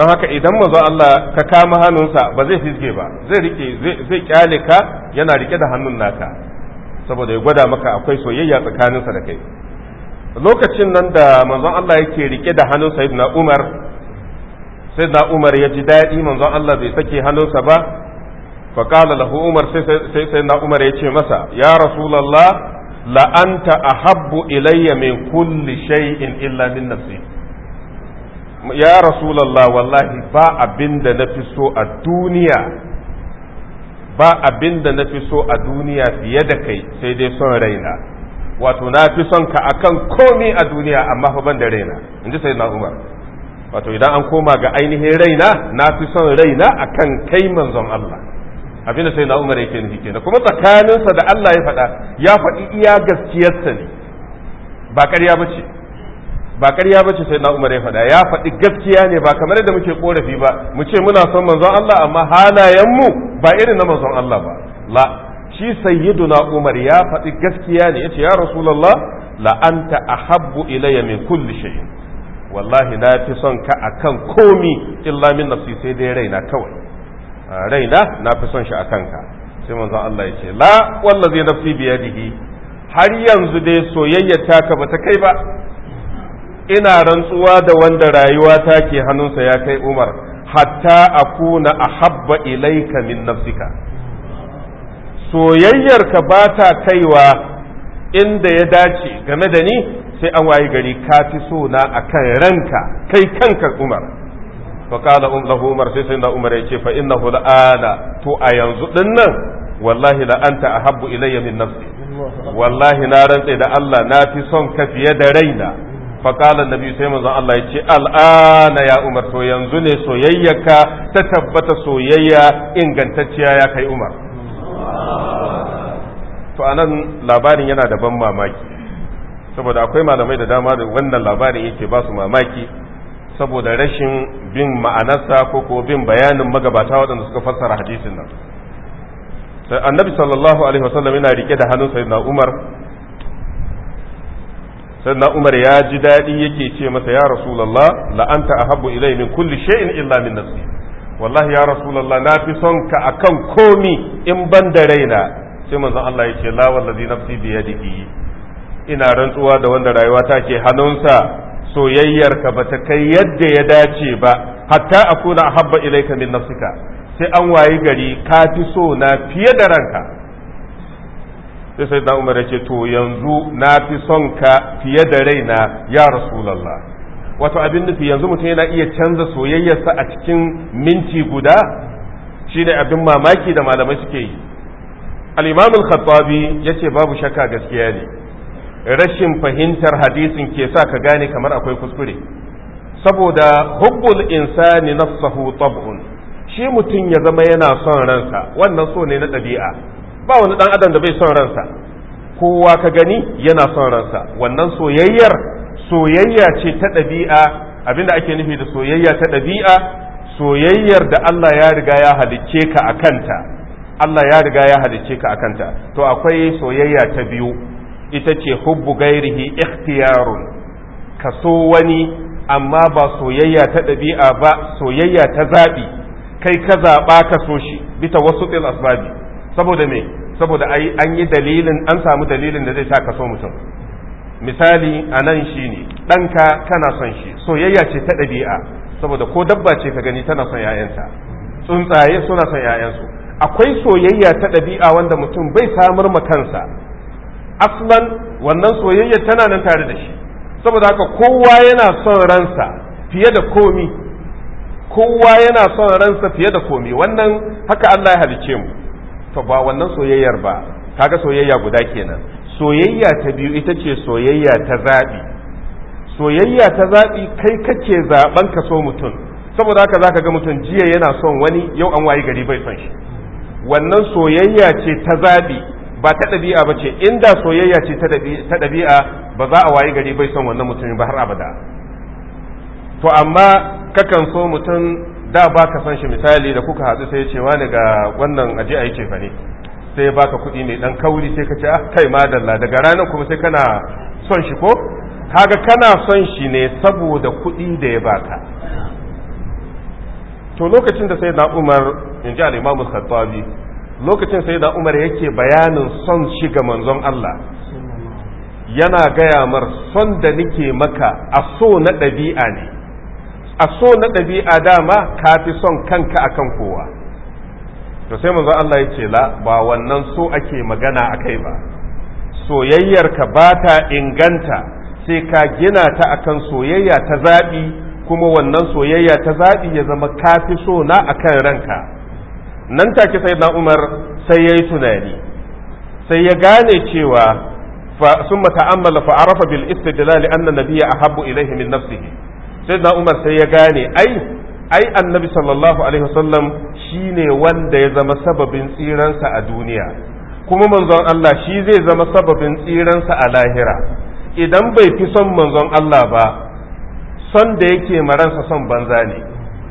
don haka idan manzo Allah ka kama hannunsa ba zai fisge ba zai rike zai kyale ka yana rike da hannun naka saboda ya gwada maka akwai soyayya tsakaninsa da kai lokacin nan da manzon Allah yake rike da hannun sayyidina Umar sayyidina Umar ya ji daɗi manzo Allah bai sake hannunsa ba fa qala lahu Umar sai sayyidina Umar ya ce masa ya rasulullah la anta ahabbu ilayya min kulli shay'in illa min nafsi ya rasulallah wallahi ba abin da na fi so a duniya ba abin da na fi so a duniya fiye da kai sai dai son raina wato na fi son ka akan komi a duniya amma fa ban da raina in ji sai na umar wato idan an koma ga ainihin raina na fi son raina akan kai manzon Allah abin da sai na umar yake nufi kenan kuma tsakaninsa da Allah ya faɗa ya faɗi iya gaskiyarsa ne ba ƙarya ba ce ba ƙarya ba ce sai na umar ya faɗa ya faɗi gaskiya ne ba kamar yadda muke korafi ba mu ce muna son manzon Allah amma halayenmu ba irin na manzon Allah ba la shi sayyiduna umar ya faɗi gaskiya ne yace ya rasulullah la anta ahabbu ilayya min kulli shay wallahi na fi son ka akan komi illa min nafsi sai dai raina kawai raina na fi son shi akan ka sai manzon Allah ya ce la wallazi nafsi biyadihi har yanzu dai soyayyar taka ka ba ta kai ba ina rantsuwa da wanda rayuwa ta ke hannunsa ya kai umar hatta a kuna a habba ilaika min nafsika soyayyarka ba ta kaiwa inda ya dace game da ni sai an wayi gari ka fi so na a kan ranka kai kanka umar fa qala um, lahu umar sai sai na umar yace fa innahu la'ana to a yanzu din nan wallahi la anta habbu ilayya min nafsi wallahi na rantsa da Allah na fi son ka fiye da raina faƙalar biyu sai manzon Allah ya ce al'ana ya umar to yanzu ne ka ta tabbata soyayya ingantacciya ya kai umar to anan labarin yana da ban mamaki saboda akwai malamai da dama da wannan labarin yake ba su mamaki saboda rashin bin ma'anarsa ko ko bin bayanin magabata waɗanda suka fassara hadisin nan annabi sallallahu alaihi wasallam yana rike da hannun sayyidina umar sannan umar ya ji daɗi yake ce masa ya rasulallah la'anta ahabbu ilai min kulli shay'in illa min nafsi wallahi ya rasulallah na fi son ka akan komi in ban da raina sai manzon Allah ya ce la wallazi nafsi bi yadihi ina rantsuwa da wanda rayuwa ta ke hannunsa soyayyar ka bata kai yadda ya dace ba hatta akuna ahabba ilaika min nafsika sai an wayi gari ka fi so na fiye da ranka sai sai na umar yake to yanzu na fi son ka fiye da raina ya rasulullah wato abin nufi yanzu mutum yana iya canza soyayyarsa a cikin minti guda shi abin mamaki da malamai suke yi al-imam al-khattabi yace babu shakka gaskiya ne rashin fahimtar hadisin ke sa ka gane kamar akwai kuskure saboda hubbul insani nafsahu tab'un shi mutum ya zama yana son ransa wannan so ne na ɗabi'a ba wani ɗan adam da bai son ransa kowa ka gani yana son ransa wannan soyayyar soyayya ce ta ɗabi'a abinda ake nufi da soyayya ta ɗabi'a soyayyar da Allah ya riga ya halicce ka a kanta Allah ya riga ya halicce ka a kanta to akwai soyayya ta biyu ita ce hubbu gairihi ikhtiyarun ka so wani amma ba soyayya ta ɗabi'a ba soyayya ta zaɓi kai ka zaɓa ka so shi bisa wasu ɗin asbabi saboda me saboda an yi dalilin an samu dalilin da zai sa ka so mutum misali anan nan shi ne ɗanka kana son shi soyayya ce ta ɗabi'a saboda ko dabba ce ka gani tana son 'ya'yanta tsuntsaye suna son 'ya'yansu akwai soyayya ta ɗabi'a wanda mutum bai samar ma kansa aslan wannan soyayya tana nan tare da shi saboda haka kowa yana son ransa fiye da komi kowa yana son ransa fiye da komi wannan haka Allah ya halicce mu to ba wannan soyayyar ba kaga soyayya guda kenan soyayya ta biyu ita ce soyayya ta zaɓi soyayya ta zaɓi kai kake zaɓen ka so mutum saboda haka zaka ga mutum jiya yana son wani yau an wayi gari bai son shi wannan soyayya ce ta zaɓi ba ta ɗabi'a ba ce inda soyayya ce ta ɗabi'a ba za a wayi gari bai son wannan mutumin ba har abada to amma kakan so mutum da ba ka san shi misali da kuka hatsu sai cewa ne ga wannan aje a yi fane ne sai ya baka kuɗi mai ɗan kauri sai ka ce ah kai madalla daga ranar kuma sai kana son shi ko kaga kana son shi ne saboda kuɗi da ya baka to lokacin da sai na umar in ji al'imamu khattabi lokacin sai da umar yake bayanin son shi ga manzon Allah yana gaya mar son da nake maka a so na ɗabi'a ne a so na ɗabi'a dama ka fi son kanka akan kowa to sai manzo Allah ya ce la ba wannan so ake magana a kai ba soyayyarka ba ta inganta sai ka gina ta akan soyayya ta zaɓi kuma wannan soyayya ta zaɓi ya zama ka fi so na akan ranka nan take sai na umar sai ya yi tunani sai ya gane cewa sun ثم تأمل فعرف annan nabiya a أحب ilaihi min nafsihi sai da umar sai ya gane ai ai annabi sallallahu alaihi wasallam shine wanda ya zama sababin tsiransa a duniya kuma manzon Allah shi zai zama sababin tsiransa a lahira idan bai fi son manzon Allah ba son da yake maransa son banza ne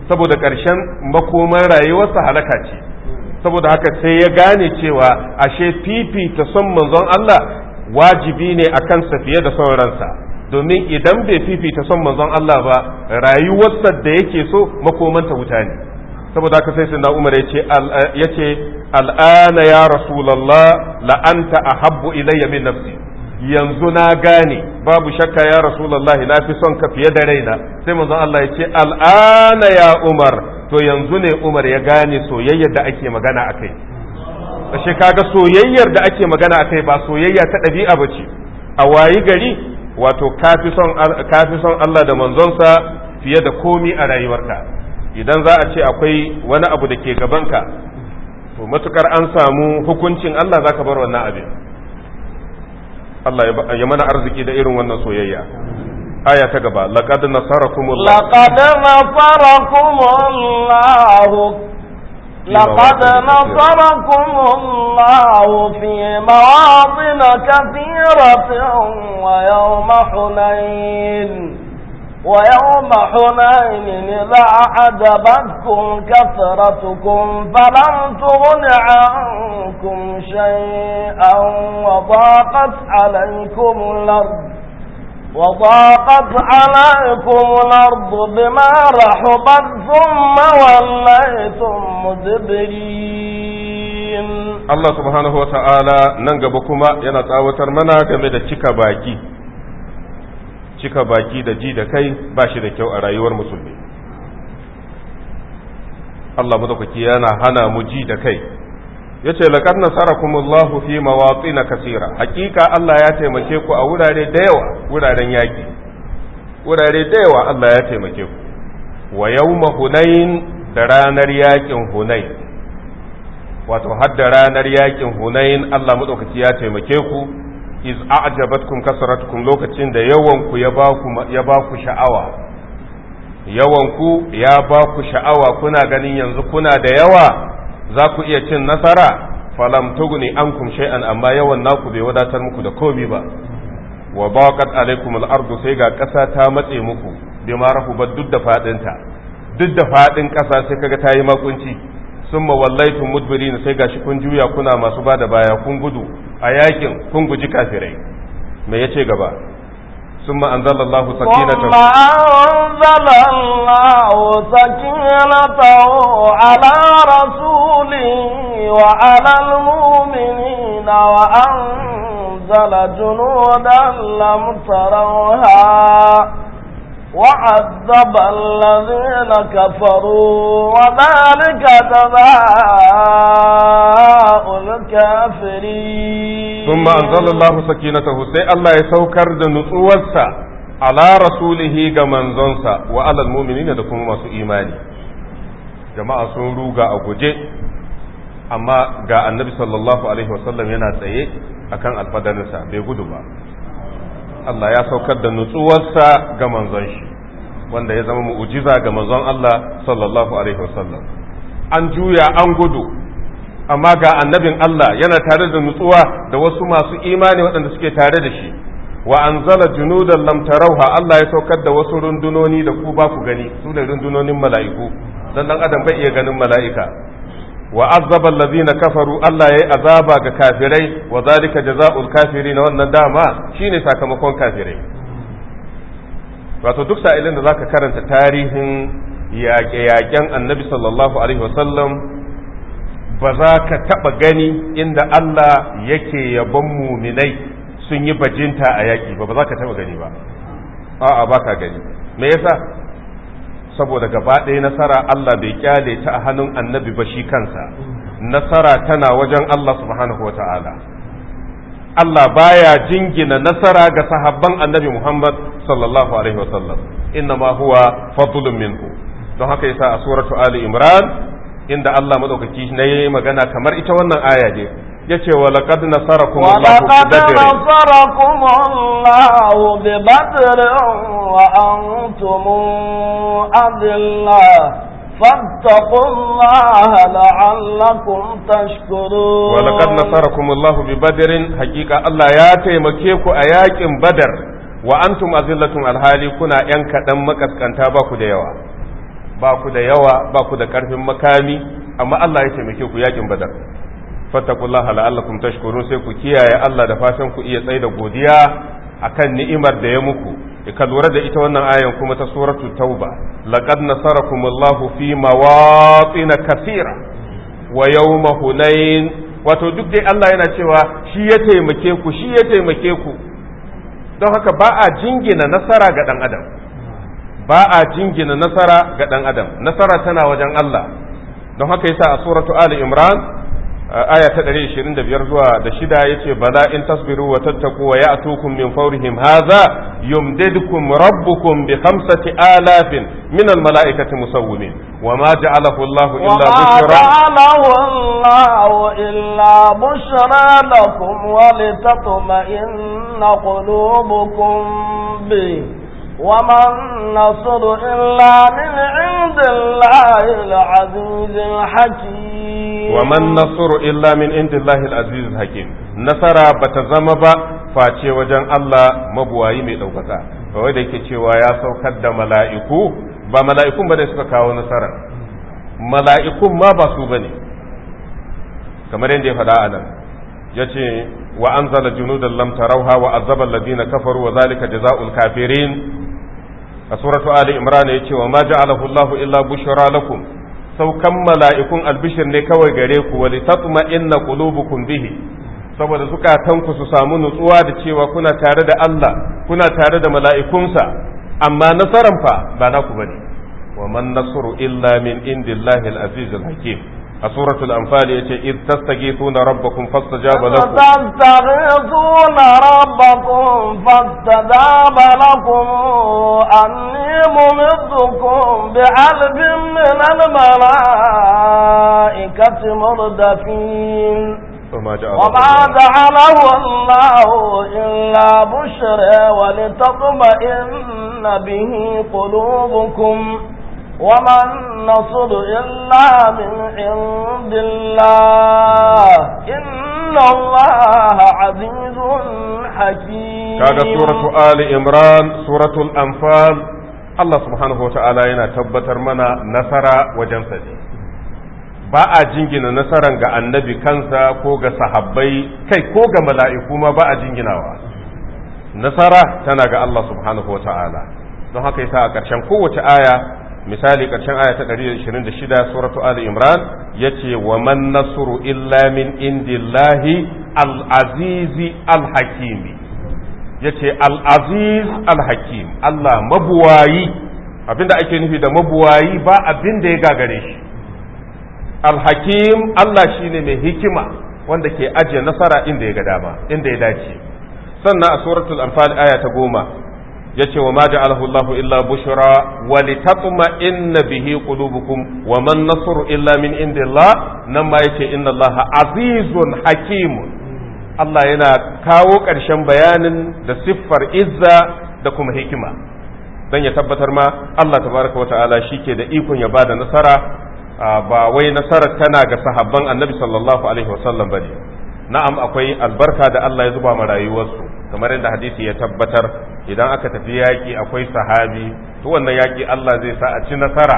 saboda ƙarshen makoman rayuwarsa halaka ce saboda haka sai ya gane cewa ashe fifita son manzon Allah wajibi ne a kansa fiye da sauransa domin idan bai fifita son manzon Allah ba rayuwarsa da yake so makomanta wuta ne saboda haka sai sunna Umar ya yace eh, al'ana ya rasulullah la anta ahabbu ilayya min nafsi yanzu na gane babu shakka ya rasulullahi na fi son ka fiye da raina sai manzon Allah yace al'ana ya Umar to yanzu ne Umar ya gane soyayyar da ake magana akai ashe kaga soyayyar da ake magana akai ba soyayya ta ɗabi'a ba ce a wayi gari wato kafi son Allah da manzonsa fiye da komi a rayuwarka idan za a ce akwai wani abu da ke gabanka to matukar an samu hukuncin Allah za ka bar wannan abin Allah ya mana arziki da irin wannan soyayya aya ta gaba laqad nasarakumullah laqad nasarakumullah لقد نصركم الله في مواطن كثيرة ويوم حنين ويوم حنين إذا أعجبتكم كثرتكم فلم تغن عنكم شيئا وضاقت عليكم الأرض وضاقت عليكم الأرض بما رحبت ثم وليتم مدبرين الله سبحانه وتعالى ننقبكما ينا تاوتر منا game da cika baki cika baki da ji da kai ba shi da kyau a rayuwar musulmi Allah madaukaki yana hana mu ji da kai yace laqad Allahu fi mawatin kaseera hakika Allah ya taimake ku a wurare da yawa wuraren yaki wurare da yawa Allah ya taimake ku wa yawma hunain da ranar yakin hunain wato har da ranar yaƙin hunain Allah madaukaki ya taimake ku iz a'jabatkum kasratukum lokacin da yawan ku ya ba ku ya ba ku sha'awa yawan ku ya ba ku sha'awa kuna ganin yanzu kuna da yawa za ku iya cin nasara falam tuguni ankum shay'an amma yawan naku bai wadatar muku da komi ba wa baqat alaikum al-ardu sai ga ƙasa ta matse muku bima rahubat duk da fadin ta duk da fadin ƙasa sai kaga ta yi makunci summa wallaitu mudbirin sai ga shi kun juya kuna masu bada baya kun gudu a yakin kun guji kafirai me yace gaba ثم أنزل الله سكينته ثم أنزل الله سكينته على رسوله وعلى المؤمنين وأنزل جنودا لم تروها وعذب الذين كفروا وذلك تباه الكافرين ثم أنزل الله سكينته سي الله يسوكر نطوسا على رسوله كمن زنسا وعلى المؤمنين دكم ما إيماني jama'a sun ruga a guje amma ga annabi sallallahu alaihi wasallam yana tsaye akan alfadarinsa bai gudu ba Allah ya saukar da nutsuwarsa ga manzon shi wanda ya zama mu'ujiza ga manzon Allah sallallahu alaihi wasallam an juya an gudu amma ga annabin Allah yana tare da nutsuwa da wasu masu imani waɗanda suke tare da shi wa anzala junudan lam tarauha Allah ya saukar da wasu rundunoni da ku ba ku gani su ne rundunonin mala'iku dan dan adam bai iya ganin mala'ika wa azzaba allazina kafaru Allah yayi azaba ga kafirai wa zalika jazaul kafirin wannan dama shine sakamakon kafirai wato duk sa'ilin da zaka karanta tarihin yaƙe-yaƙen annabi sallallahu alaihi wasallam ba za ka taɓa gani inda Allah yake yabon muminai sun yi bajinta a yaƙi ba ba za ka taɓa gani ba a'a ba ka gani me yasa saboda gaba ɗaya nasara Allah bai kyale ta a hannun annabi ba shi kansa nasara tana wajen Allah subhanahu wa ta'ala Allah baya jingina nasara ga sahabban annabi Muhammad sallallahu alaihi wa sallam inna ma huwa fadlun minhu don haka yasa a suratu ali imran inda Allah madaukaki na yi magana kamar ita wannan aya ne ya ce wa laƙad na tsara kuma Allah bi badri wa an tumu adilla fattakullah la'allakum tashkuru wa laƙad na tsara kuma Allah bi badrin hakika Allah ya taimake ku a yaƙin badar wa azillatun alhali kuna yan kaɗan makaskanta baku da yawa ba ku da yawa ba ku da karfin makami amma Allah ya taimake ku yakin badar fattakullaha la'allakum tashkurun sai ku kiyaye Allah da fatan ku iya tsaida godiya akan ni'imar da ya muku e, ka lura da ita wannan ayan kuma ta suratu tauba laqad nasarakumullahu fi mawatin kathira wa yawma hunain wato duk dai Allah yana cewa shi ya taimake ku shi ya taimake ku don haka ba a jingina nasara ga dan adam ba a jingina nasara ga ɗan adam nasara tana wajen Allah don haka yasa a suratu Ali Imran aya ta 125 zuwa da shida yace bala in tasbiru wa tattaku wa ya'tukum min fawrihim hadha yumdidkum rabbukum bi khamsati alafin min al malaikati musawwimin wa ma ja'alahu Allahu illa bushra ja'alahu Allahu illa bushra lakum wa litatma'inna qulubukum bi وما النصر إلا من عند الله العزيز الحكيم وما النصر إلا من عند الله العزيز الحكيم نصر بتزمب face wajen Allah mabuwayi mai ɗaukaka kawai da yake cewa ya saukar da mala'iku ba mala'ikun ba da suka kawo nasara mala'ikun ma ba su ba ne kamar yadda ya faɗa a nan ya ce wa an zala da lamta tarauha wa azabar ladina kafaru wa zalika jaza'ul kafirin a suratu ali imran ya ce wa ma ja'alahu Allahu illa bushra lakum saukan mala'ikun albishir ne kawai gare ku wa litatma inna qulubukum bihi saboda zukatanku su samu nutsuwa da cewa kuna tare da Allah kuna tare da mala'ikunsa amma nasaran fa ba naku bane wa man nasru illa min indillahi al-aziz hakim a suratul anfal yace id tastaghithuna rabbakum fastajaba lakum tastaghithuna rabbakum fastajaba lakum anni mumiddukum bi albin min al malaikati murdafin وما جعله الله إلا بشرى ولتطمئن به قلوبكم وما النصر إلا من عند الله إن الله عزيز حكيم كاد سورة آل إمران سورة الأنفال الله سبحانه وتعالى ينا تبتر منا نصر وجنسدي ba a jingina nasaran ga annabi kansa ko ga sahabbai kai ko ga mala'iku ma ba a jinginawa nasara tana ga Allah subhanahu wa ta'ala don haka yasa a ƙarshen kowace aya misali ƙarshen aya ta 126 suratu ali imran yace wa man nasru illa min indillahi al-azizi al-hakimi yace al-aziz al-hakim Allah mabuwayi abinda ake nufi da mabuwayi ba abinda ya gagare shi al-hakim Allah shine mai hikima wanda ke ajiye nasara inda ya ga dama inda ya dace sannan a suratul anfal aya ta goma Ya ce wa ma ja'alahu Allahu illa bushra wa litatma'inna bihi qulubukum wa man nasru illa min indillah nan ma yace inna Allaha azizun hakimun Allah yana kawo ƙarshen bayanin da siffar izza da kuma hikima dan ya tabbatar ma Allah tabaraka wa ta'ala shike da ikon ya bada nasara ba wai nasarar tana ga sahabban Annabi sallallahu alaihi wasallam bane na'am akwai albarka da Allah ya zuba ma rayuwarsu kamar yadda hadisi ya tabbatar idan aka tafi yaƙi akwai sahabi to wannan yaƙi Allah zai sa a ci nasara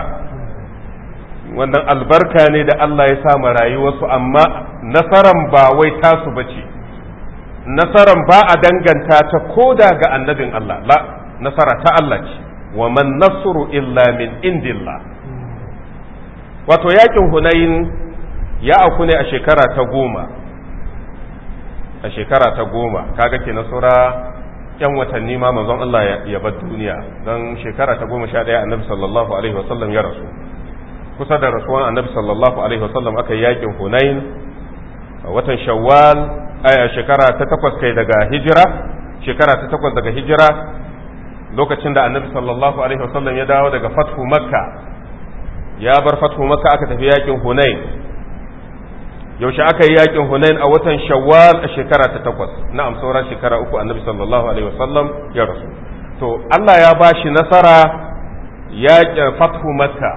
wannan albarka ne da Allah ya sa rayuwarsu amma nasaran ba wai tasu bace nasaran ba a danganta ta koda ga annabin Allah la nasara ta Allah ce wa man nasru illa min indillah wato yaƙin hunayin ya auku ne a shekara ta goma a shekara ta goma kaga ke na sura yan watanni ma manzon Allah ya bar duniya don shekara ta goma sha ɗaya annabi sallallahu alaihi wasallam ya rasu kusa da rasuwan annabi sallallahu alaihi wasallam aka yi yakin hunain watan shawwal aya shekara ta takwas kai daga hijira shekara ta takwas daga hijira lokacin da annabi sallallahu alaihi wasallam ya dawo daga fathu makka ya bar fathu makka aka tafi yakin hunain yaushe aka yi yakin hunain a watan shawwal a shekara ta takwas na'am sauran shekara uku annabi sallallahu alaihi wasallam ya rasu to Allah ya bashi nasara yakin fathu makka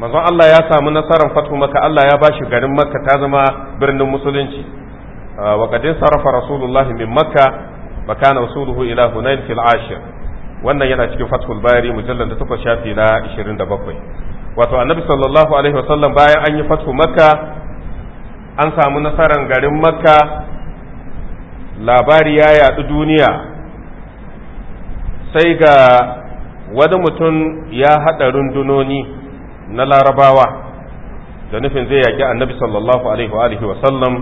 manzon Allah ya samu nasaran fathu makka Allah ya bashi garin makka ta zama birnin musulunci ah, wa qad sarafa rasulullahi min makka wa kana rasuluhu ila hunain fil ashir wannan yana cikin fathul bari mujallal da takwas shafi na 27 wato annabi sallallahu alaihi wasallam bayan an yi fathu makka an samu nasarar garin makka labari ya yaɗu duniya sai ga wani mutum ya haɗa rundunoni na larabawa da nufin zai yaki annabi sallallahu alaihi wa sallam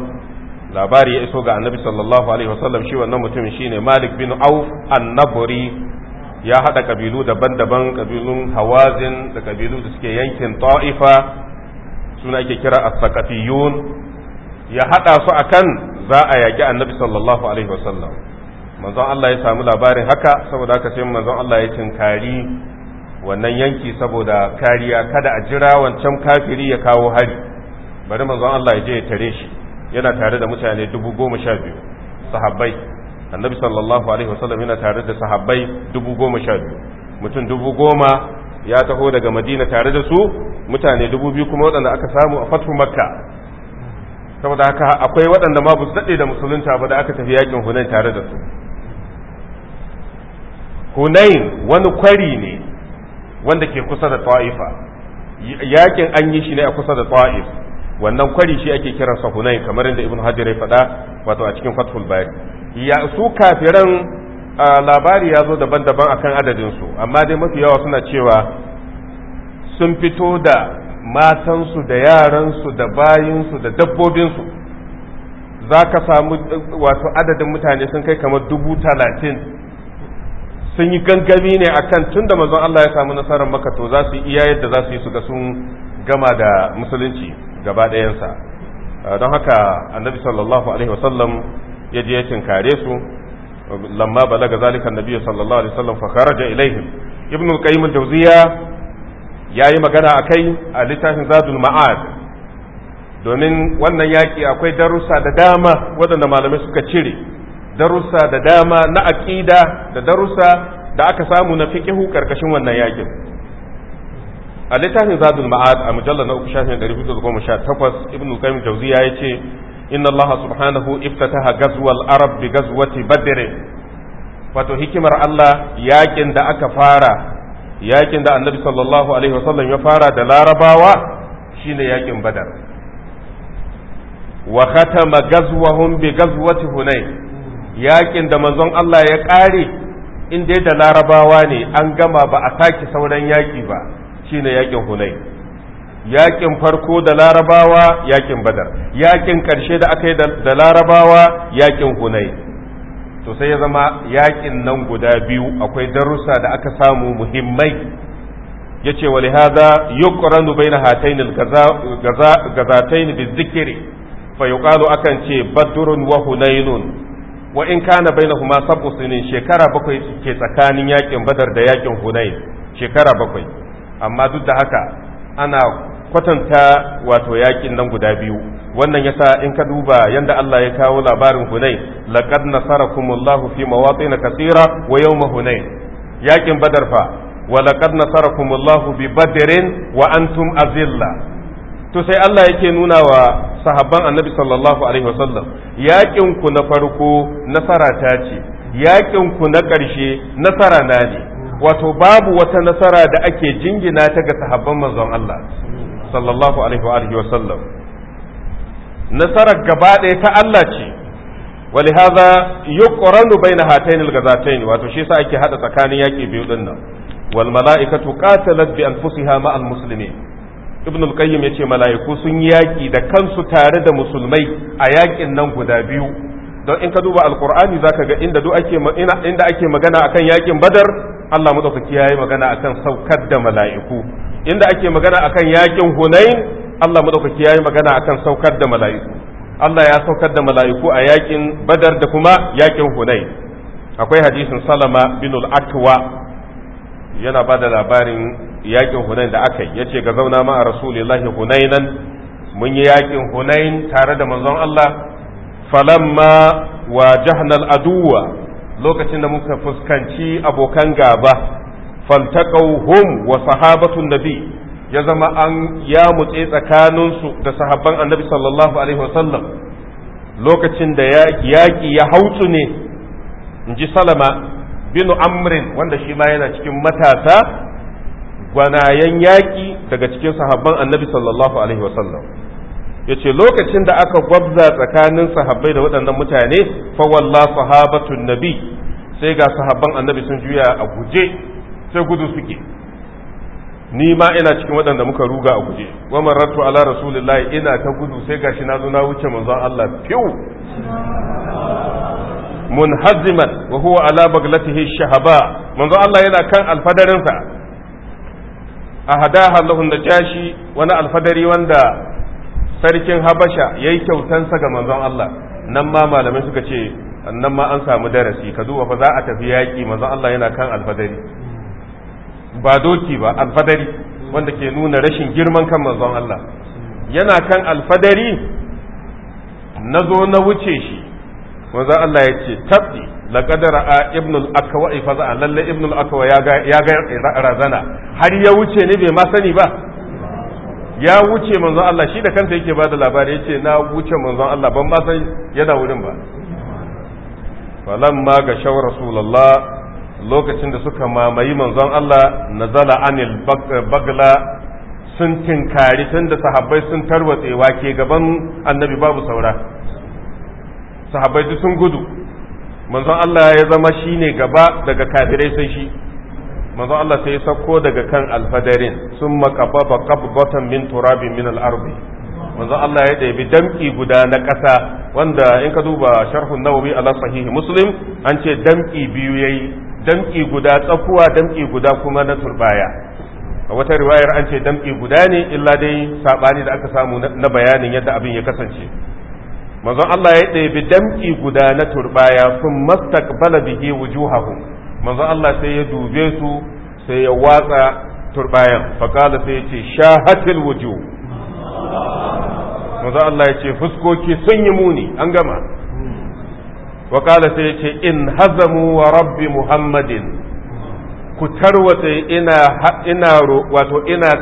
labari ya iso ga annabi sallallahu alaihi wa sallam shi wannan mutumin shine malik bin auf annaburi ya haɗa kabilu daban-daban kabilun hawazin da kabilu da suke yankin ta'ifa suna ake kira as-saqafiyun ya haɗa su akan za a yaƙi annabi sallallahu alaihi wasallam manzon Allah ya samu labarin haka saboda haka sai manzon Allah ya tinkari wannan yanki saboda kariya kada a jira wancan kafiri ya kawo hari bari manzon Allah ya je ya tare shi yana tare da mutane dubu goma sha biyu sahabbai annabi sallallahu alaihi wasallam yana tare da sahabbai dubu goma sha biyu mutum dubu goma ya taho daga madina tare da su mutane dubu biyu kuma waɗanda aka samu a fatu makka saboda haka akwai waɗanda ma su daɗe da musulunta ba da aka tafi yakin hunain tare da su hunain wani kwari ne wanda ke kusa da ta'ifa yakin an yi shi ne a kusa da ta'if wannan kwari shi ake kiransa hunain kamar yadda ibn hajar ya faɗa wato a cikin fathul bari ya su kafiran labari ya zo daban-daban akan adadin su amma dai mafi yawa suna cewa sun fito da matansu da yaransu da bayinsu da dabbobinsu za ka samu wato adadin mutane sun kai kamar dubu talatin sun yi gangami ne akan tun da mazan Allah ya samu nasarar maka to za su iya yadda za su yi su ga sun gama da musulunci gaba ɗayansa ah, don haka annabi sallallahu alaihi wasallam ya je ya tinkare su lamma balaga zalika annabi sallallahu alaihi wasallam fa kharaja ilaihim ibnu qayyim al-jawziya ya yi magana a kai a littafin zadul ma'ad domin wannan yaƙi akwai darussa da dama waɗanda malamai suka cire darussa da dama na aƙida da darussa da aka samu na fiƙihu ƙarƙashin wannan yaƙin a littafin zadul ma'ad a mujallar na uku shafin ɗari hudu da goma sha takwas ibn qayyim jauzi ya ce inna allaha subhanahu iftataha gazwal arab bi gazwati badr wato hikimar allah yaƙin da aka fara yakin da annabi sallallahu alaihi wasallam ya fara da larabawa shine yakin badar wa khatama gazwahum bi gazwati hunay yakin da manzon Allah ya kare in dai da larabawa ne an gama ba a sake sauran yaki ba shine yakin hunay yakin farko da larabawa yakin badar yakin karshe da aka yi da larabawa yakin hunay to sai ya zama yakin nan guda biyu akwai darussa da aka samu muhimmai ya ce wa lihaza yuqranu baina hatayn al-gazatayn bizikri fa yuqalu akan ce badrun wa hunaynun wa in kana baina sab'u sinin shekara bakwai ke tsakanin yakin badar da yakin hunayn shekara bakwai amma duk da haka ana kwatanta wato yaƙin nan guda biyu wannan yasa in ka duba yanda Allah ya kawo labarin Hunain laqad nasarakumullahu fi mawatin katsira wa yawm Hunain yakin Badar fa wa laqad nasarakumullahu bi Badrin wa antum azilla to sai Allah yake nuna wa sahabban Annabi sallallahu alaihi wasallam yakin ku na farko nasara ta ce yaƙin ku na ƙarshe nasara na ne wato babu wata nasara da ake jingina ta ga sahabban manzon Allah sallallahu alaihi wa sallam nasarar gaba ɗaya ta Allah ce wali haza yuqranu baina hatayn al-ghazatayn wato shi yasa ake haɗa tsakanin yaki biyu din nan wal mala'ikatu qatalat bi anfusiha ma muslimin ibn al-qayyim yace mala'iku sun yaƙi da kansu tare da musulmai a yaƙin nan guda biyu don in ka duba alqur'ani zaka ga inda duk ake inda ake magana akan yaƙin badar Allah madaukaki yayi magana akan saukar da mala'iku inda ake magana akan yakin hunain Allah madaukaki yayi magana akan saukar da mala'iku Allah ya saukar da mala'iku a yakin badar da kuma yakin hunain akwai hadisin salama bin al-akwa yana ba da labarin yakin hunain da aka yi ce ga zauna ma a rasulillahi hunainan mun yi yakin hunain tare da manzon Allah falamma wa al-aduwa lokacin da muka fuskanci abokan gaba faltaqawhum wa sahabatun nabi ya zama an ya mutse tsakaninsu da sahabban annabi sallallahu alaihi wasallam lokacin da yaƙi ya hautsu ne in ji salama binu amrin wanda shi ma yana cikin matasa gwanayen yaƙi daga cikin sahabban annabi sallallahu alaihi wasallam ya ce lokacin da aka gwabza tsakanin sahabbai da waɗannan mutane fawalla sahabatun nabi sai ga sahabban annabi sun juya a guje sai gudu suke ni ma ina cikin waɗanda muka ruga a guje wa marattu ala rasulillahi ina ta gudu sai gashi na zo na wuce manzon Allah fiu munhaziman wa huwa ala baglatihi shahaba manzon Allah yana kan alfadarinsa a hadaha Allahun da jashi wani alfadari wanda sarkin Habasha yayi kyautansa ga manzon Allah nan ma malamai suka ce nan ma an samu darasi ka duba fa za a tafi yaƙi manzon Allah yana kan alfadari ba doki ba alfadari wanda ke nuna rashin girman kan manzon Allah yana kan alfadari na zo na wuce shi manzon Allah ya ce tabbi la qadara a ibnul akwa fa lalle Ibnul akwa ya ga ya ga razana har ya wuce ne bai ma sani ba ya wuce manzon Allah shi da kanta yake ba da labari yace na wuce manzon Allah ban ma san yana wurin ba falamma ga shawar rasulullah lokacin da suka mamayi manzon Allah nazala anil eh, bagla sun tinkari tun da sahabbai sun tarwatsewa ke gaban annabi babu saura sahabbai duk sun gudu manzon Allah ya zama shine gaba daga kafirai sai shi manzon Allah sai ya sauko daga kan alfadarin sun makababa qabbatan min turabin min al-ardi manzon Allah ya ɗabi damki guda na ƙasa wanda in ka duba sharhun nawawi ala sahihi muslim an ce damki biyu yayi damki guda tsakuwa damki guda kuma na turbaya a wata riwayar an ce damki guda ne illa dai sabani da aka samu na bayanin yadda abin ya kasance manzon Allah ya ɗebi damki guda na turbaya sun mastaqbala bihi wujuhahum manzon Allah sai ya dube su sai ya watsa turbayan faqala sai ya ce shahatil wujuh manzon Allah ya ce fuskoki sun yi muni an gama wa kala sai yace in hazamu wa rabbi muhammadin ku tarwata ina ina wato ina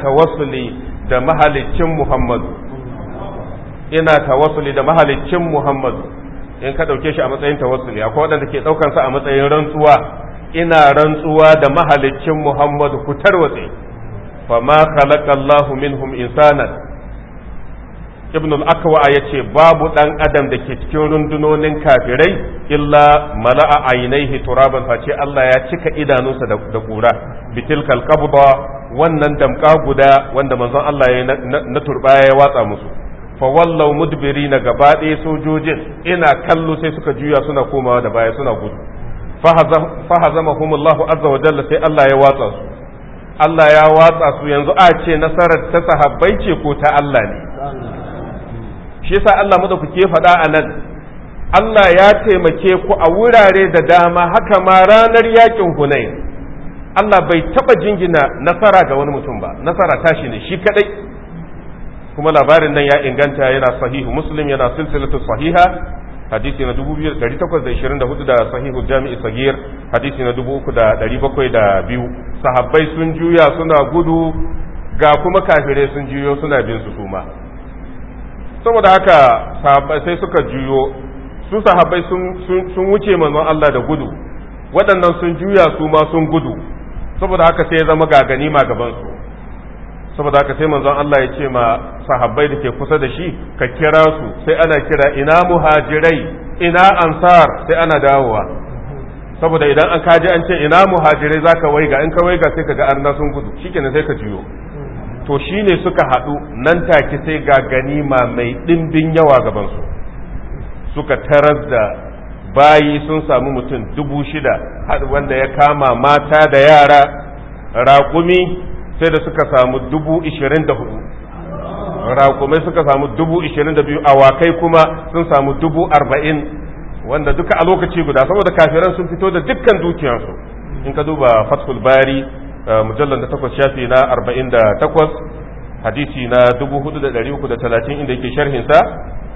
da mahalicin muhammadu ina tawassuli da mahalicin muhammadu in ka ɗauke shi a matsayin tawassuli akwai waɗanda ke ɗaukansa a matsayin rantsuwa ina rantsuwa da mahalicin muhammadu ku tarwata fa ma khalaqa Allahu minhum insanan ibn al-akwa ya ce babu ɗan adam da ke cikin rundunonin kafirai illa mala'a ainihi turaban face Allah ya cika idanunsa da kura bitilkal qabda wannan damka guda wanda manzon Allah ya na turbaya ya watsa musu fa wallau mudbirina gaba ɗaya sojojin ina kallo sai suka juya suna komawa da baya suna gudu fa hazamahumullahu azza wa jalla sai Allah ya watsa su Allah ya watsa su yanzu a ce nasarar ta sahabbai ce ko ta Allah ne shi yasa Allah ke faɗa a nan Allah ya taimake ku a wurare da dama haka ma ranar yakin hunai Allah bai taba jingina nasara ga wani mutum ba nasara tashi ne shi kadai kuma labarin nan ya inganta yana sahihu muslim yana silsilatu sahiha hadisi na 2824 da sahihu jami'i sagir hadisi na 3702 sahabbai sun juya suna gudu ga kuma kafirai sun juyo suna bin su suma saboda haka sahabbai sai suka juyo su sahabbai sun wuce manzon Allah da gudu waɗannan sun juya su ma sun gudu saboda haka sai ya zama gagani ma gaban su saboda haka sai manzon Allah ya ce ma sahabbai da ke kusa da shi ka kira su sai ana kira ina muhajirai ina ansar sai ana dawowa saboda idan an kaji an ce ina muhajirai zaka waiga in ka waiga sai kaga ga arna sun gudu shikenan sai ka juyo to shi ne suka haɗu nan take sai ga ganima mai ɗimbin yawa gabansu suka tarar da bayi sun samu mutum dubu shida wanda ya kama mata da yara raƙumi sai da suka samu dubu ishirin da hudu raƙumai suka samu dubu ishirin da biyu awakai kuma sun samu dubu arba'in wanda duka a lokaci guda saboda kafiran sun fito da dukkan dukiyansu in ka duba fathul bari Eh, mujallar da takwas shafi na arba'in da takwas hadisi na dubu hudu da ɗari uku da talatin inda yake sharhinsa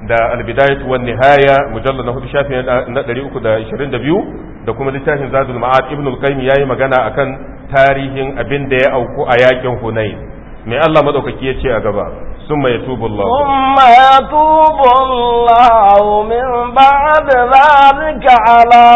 da albidayatu wan nihaya mujallar na hudu shafi na ɗari uku da ishirin da biyu da kuma littafin zadul ma'ad ibn al-qayyim yayi magana akan tarihin abin da ya auku a yakin hunain me Allah madaukaki ya ce a gaba sun mai tubu Allah kuma ya tubu Allah min ba'd zalika ala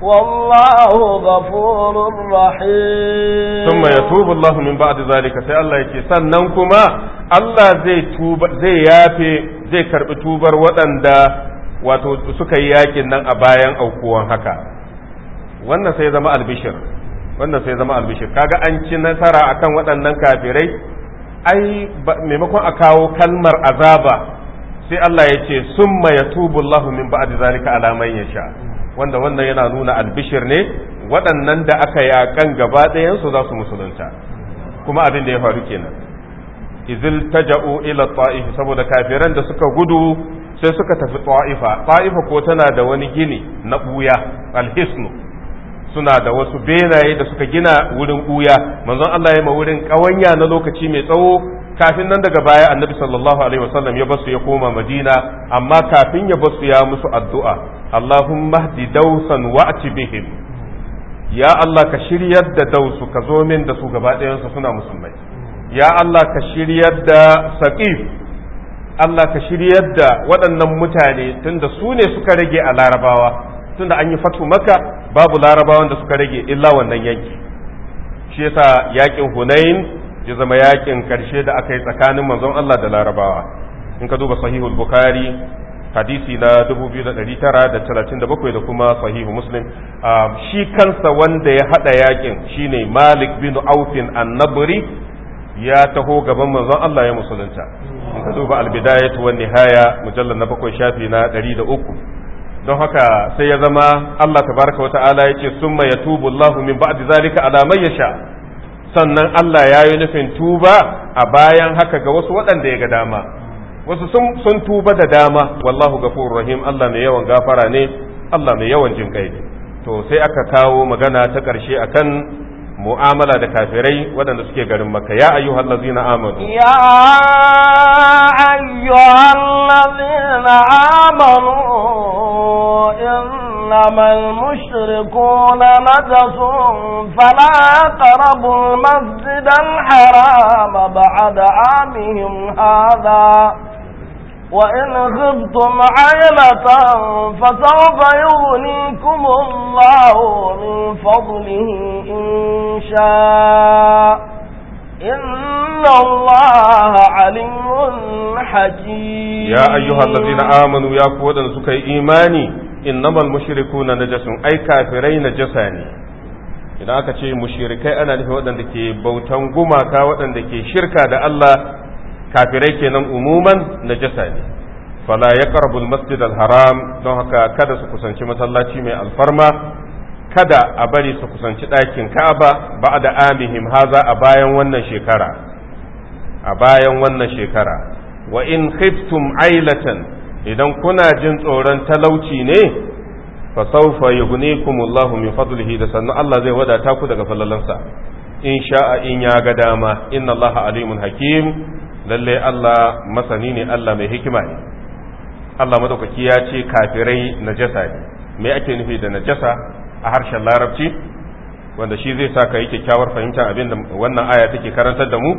wallahu ghafurur rahim thumma yatubu Allahu min ba'di zalika sai Allah yake sannan kuma Allah zai tuba zai yafe zai karbi tubar waɗanda wato suka yi yakin nan a bayan aukuwan haka wannan sai zama albishir wannan sai zama albishir kaga an ci nasara akan waɗannan kafirai ai maimakon a kawo kalmar azaba sai Allah ya ce summa yatubu Allahu min ba'di zalika ala man yasha wanda wannan yana nuna albishir ne waɗannan da aka yaƙan gaba ɗayansu za su musulunta kuma abin da ya faru kenan izil ja'u ila ta'if saboda kafiran da suka gudu sai suka tafi ta'ifa ta'ifa ko tana da wani gini na ɓuya alhisnu suna da wasu benaye da suka gina wurin ɓuya manzon Allah ya ma wurin ƙawanya na lokaci mai tsawo kafin nan daga baya annabi sallallahu alaihi wasallam ya basu ya koma madina amma kafin ya basu ya musu addu'a allahumma hdi dausan wa'ti bihim ya allah ka shiryar da dausu ka zo min da su gaba su suna musulmai ya allah ka shiryar da saqif allah ka shiryar da waɗannan mutane tunda su ne suka rage a larabawa tunda an yi fatu maka babu larabawan da suka rage illa wannan yanki shi yasa yakin hunain ya zama yakin karshe da aka yi tsakanin manzon Allah da larabawa in ka duba sahihul bukhari hadisi na 2937 da kuma sahihu muslim ah, shi kansa wanda ya hada yakin shine malik bin aufin annabri ya taho gaban manzon Allah ya musulunta in ka duba albidayatu wan nihaya mujallal na bakwai shafi na 103 don haka sai ya zama Allah tabaraka wa ta'ala yace summa yatubu Allahu min ba'di zalika ala man yasha sannan Allah ya yi nufin tuba a bayan haka ga wasu waɗanda ya ga dama wasu sun tuba da dama wallahu gafurur rahim Allah mai yawan gafara ne Allah mai yawan jin kai to sai aka kawo magana ta ƙarshe akan mu'amala da kafirai waɗanda suke garin maka ya ayyuhal ladzina amanu ya ayyuhal ladzina amanu إنما المشركون نجس فلا يقربوا المسجد الحرام بعد عامهم هذا وإن خبتم عيلة فسوف يغنيكم الله من فضله إن شاء إن الله عليم حكيم يا أيها الذين آمنوا يا قوة سكي إيماني innamal mushrikuna najasun ai kafirai najasa ne idan aka ce mushrikai ana nufin waɗanda ke bautan gumaka waɗanda ke shirka da Allah kafirai kenan umuman najasa ne fala yaqrabu al-masjid al-haram don haka kada su kusanci masallaci mai alfarma kada a bari su kusanci ɗakin Ka'aba ba'da amihim haza a bayan wannan shekara a bayan wannan shekara wa in khiftum ailatan idan kuna jin tsoron talauci ne fa sawfa yughnikumullahu min fadlihi da sannan Allah zai wadata ku daga falalansa in sha'a in ya ga dama inna Allaha alimun hakim lalle Allah masani ne Allah mai hikima ne Allah madaukaki ya ce kafirai najasa ne me ake nufi da najasa a harshen larabci wanda shi zai sa ka yi kyakkyawar fahimta abin da wannan aya take karantar da mu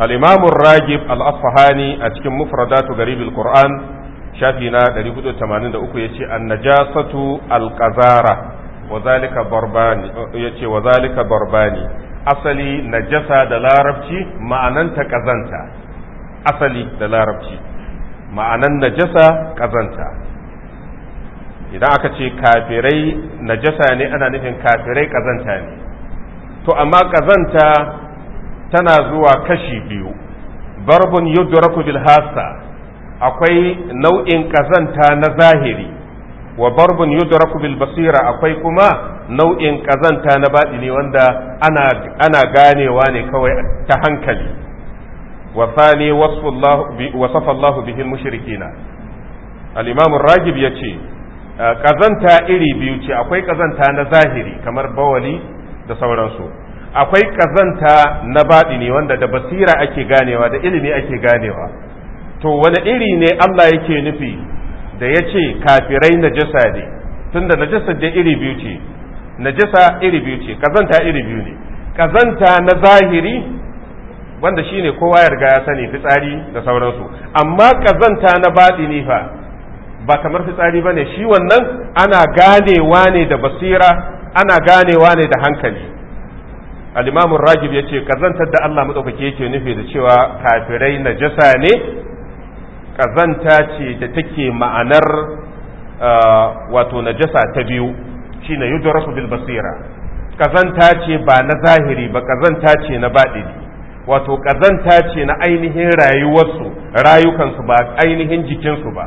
al-imam ragib al-asfahani a cikin mufradatu garibil qur'an shafi na 483 yace an-najasatu al-qazara wa zalika barbani yace wa zalika ne asali jasa da larabci ma'ananta ƙazanta asali da larabci ma'anan jasa ƙazanta. idan aka ce kafirai najasa ne ana nufin kafirai ƙazanta ne to amma ƙazanta tana zuwa kashi biyu barbun Yadda bil hasa akwai nau'in kazanta na zahiri wa barbun yudraku bil basira akwai kuma nau'in kazanta na baɗini wanda ana ana ganewa ne kawai ta hankali wa thani wasafa Allah bihi mushrikina al-imam ragib yace kazanta ah, iri biyu ce akwai kazanta na zahiri kamar bawali da sauransu akwai kazanta na baɗini wanda da basira ake ganewa da ilimi ake ganewa to wani iri ne Allah yake nufi da ya ce kafirai najasa ne tunda najasa da iri biyu ce najasa iri biyu ce kazanta iri biyu ne kazanta na zahiri wanda shi ne kowa ya riga ya sani fitsari da sauransu amma kazanta na batini fa ba kamar fitsari ba ne shi wannan ana ganewa ne da basira ana ganewa ne da hankali al-imamu ragib ce kazantar da Allah madaukake yake nufi da cewa kafirai najasa ne ƙazanta ce da take ma'anar wato najasa ta biyu shine yudrasu bil basira ƙazanta ce ba na zahiri ba kazanta ce na baɗini wato ƙazanta ce na ainihin rayuwarsu rayukansu ba ainihin jikinsu ba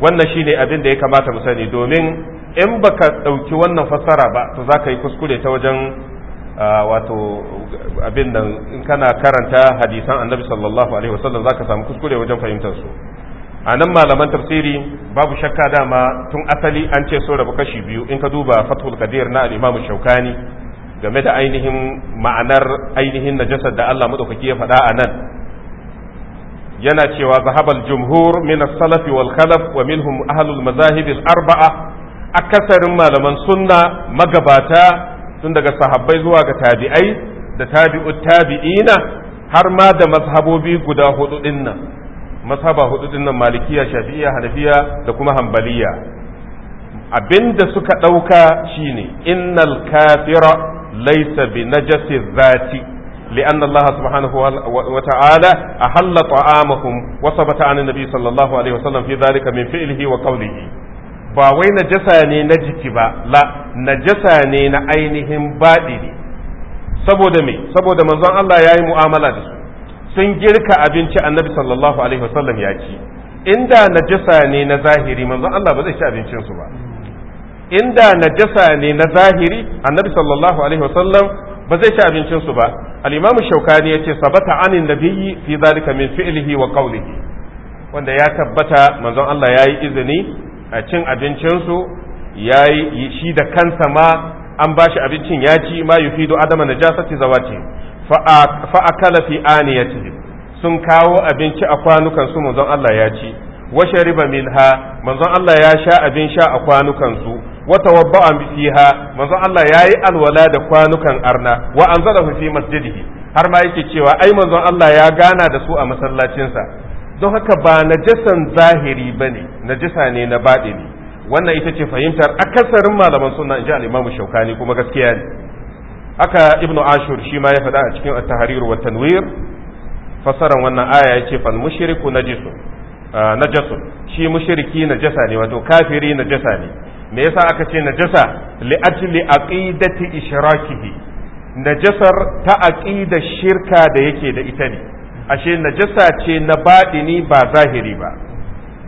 wannan shine abin da ya kamata mu sani domin in baka ɗauki wannan fassara ba to za ka yi kuskure ta wajen Ah, wato abin nan in kana karanta hadisan annabi sallallahu alaihi wasallam zaka samu kuskure wajen fahimtar su a nan malaman tafsiri babu shakka dama tun asali an ce so rabu kashi biyu in ka duba fathul qadir na al-imam shaukani game da ainihin ma'anar ainihin najasar da Allah madaukaki ya faɗa a nan yana cewa zahabal jumhur min as-salafi wal khalaf wa minhum ahlul madahib al-arba'a akasarin malaman sunna magabata tun daga sahabbai zuwa ga tabi'ai da tabi'ut tabi'ina har ma da mazhabobi guda hudu din nan mazhaba hudu din malikiya shafi'iyya hanafiya da kuma hanbaliya abinda suka dauka shine innal kafira laysa bi najasi zati لأن الله سبحانه وتعالى أحل طعامهم وثبت عن النبي صلى الله عليه وسلم في ذلك من فعله وقوله ba wai najasa ne na jiki ba la najasa ne na ainihin baɗini saboda me saboda manzon Allah ya yi mu'amala da su sun girka abinci annabi sallallahu alaihi wasallam ya ci inda najasa ne na zahiri manzon Allah ba zai ci abincinsu ba inda najasa ne na zahiri annabi sallallahu alaihi wasallam ba zai ci abincinsu ba al-imamu shaukani yace sabata anin nabiyyi fi zalika min fi'lihi wa qawlihi wanda ya tabbata manzon Allah yayi izini a cin abincinsu ya yi shi da kansa ma an ba shi abincin ya ci ma fido adama najasati zawa fa fa’akala fi ci. sun kawo abinci a kwanukansu su manzon Allah ya ci wa shariba minha manzon Allah ya sha abin sha a kwanukan su an tawabba'a ha manzon Allah ya yi alwala da kwanukan arna wa anzalahu fi masjidihi har ma yake cewa ai manzon Allah ya gana da su a masallacinsa don haka ba najasan zahiri ba ne najasa ne na ne wannan ita ce fahimtar akasarin malaman suna in ji al'imamu shaukani kuma gaskiya ne Aka ibnu ashur shi ma ya faɗa a cikin at-tahrir wa tanwir fasaran wannan aya ce fal mushriku najisun shi mushriki najasa ne wato kafiri najasa ne me yasa aka ce najasa li ajli aqidati ishrakihi najasar ta aqida shirka da yake da ita ne ashe najasa ce na baɗini ba zahiri ba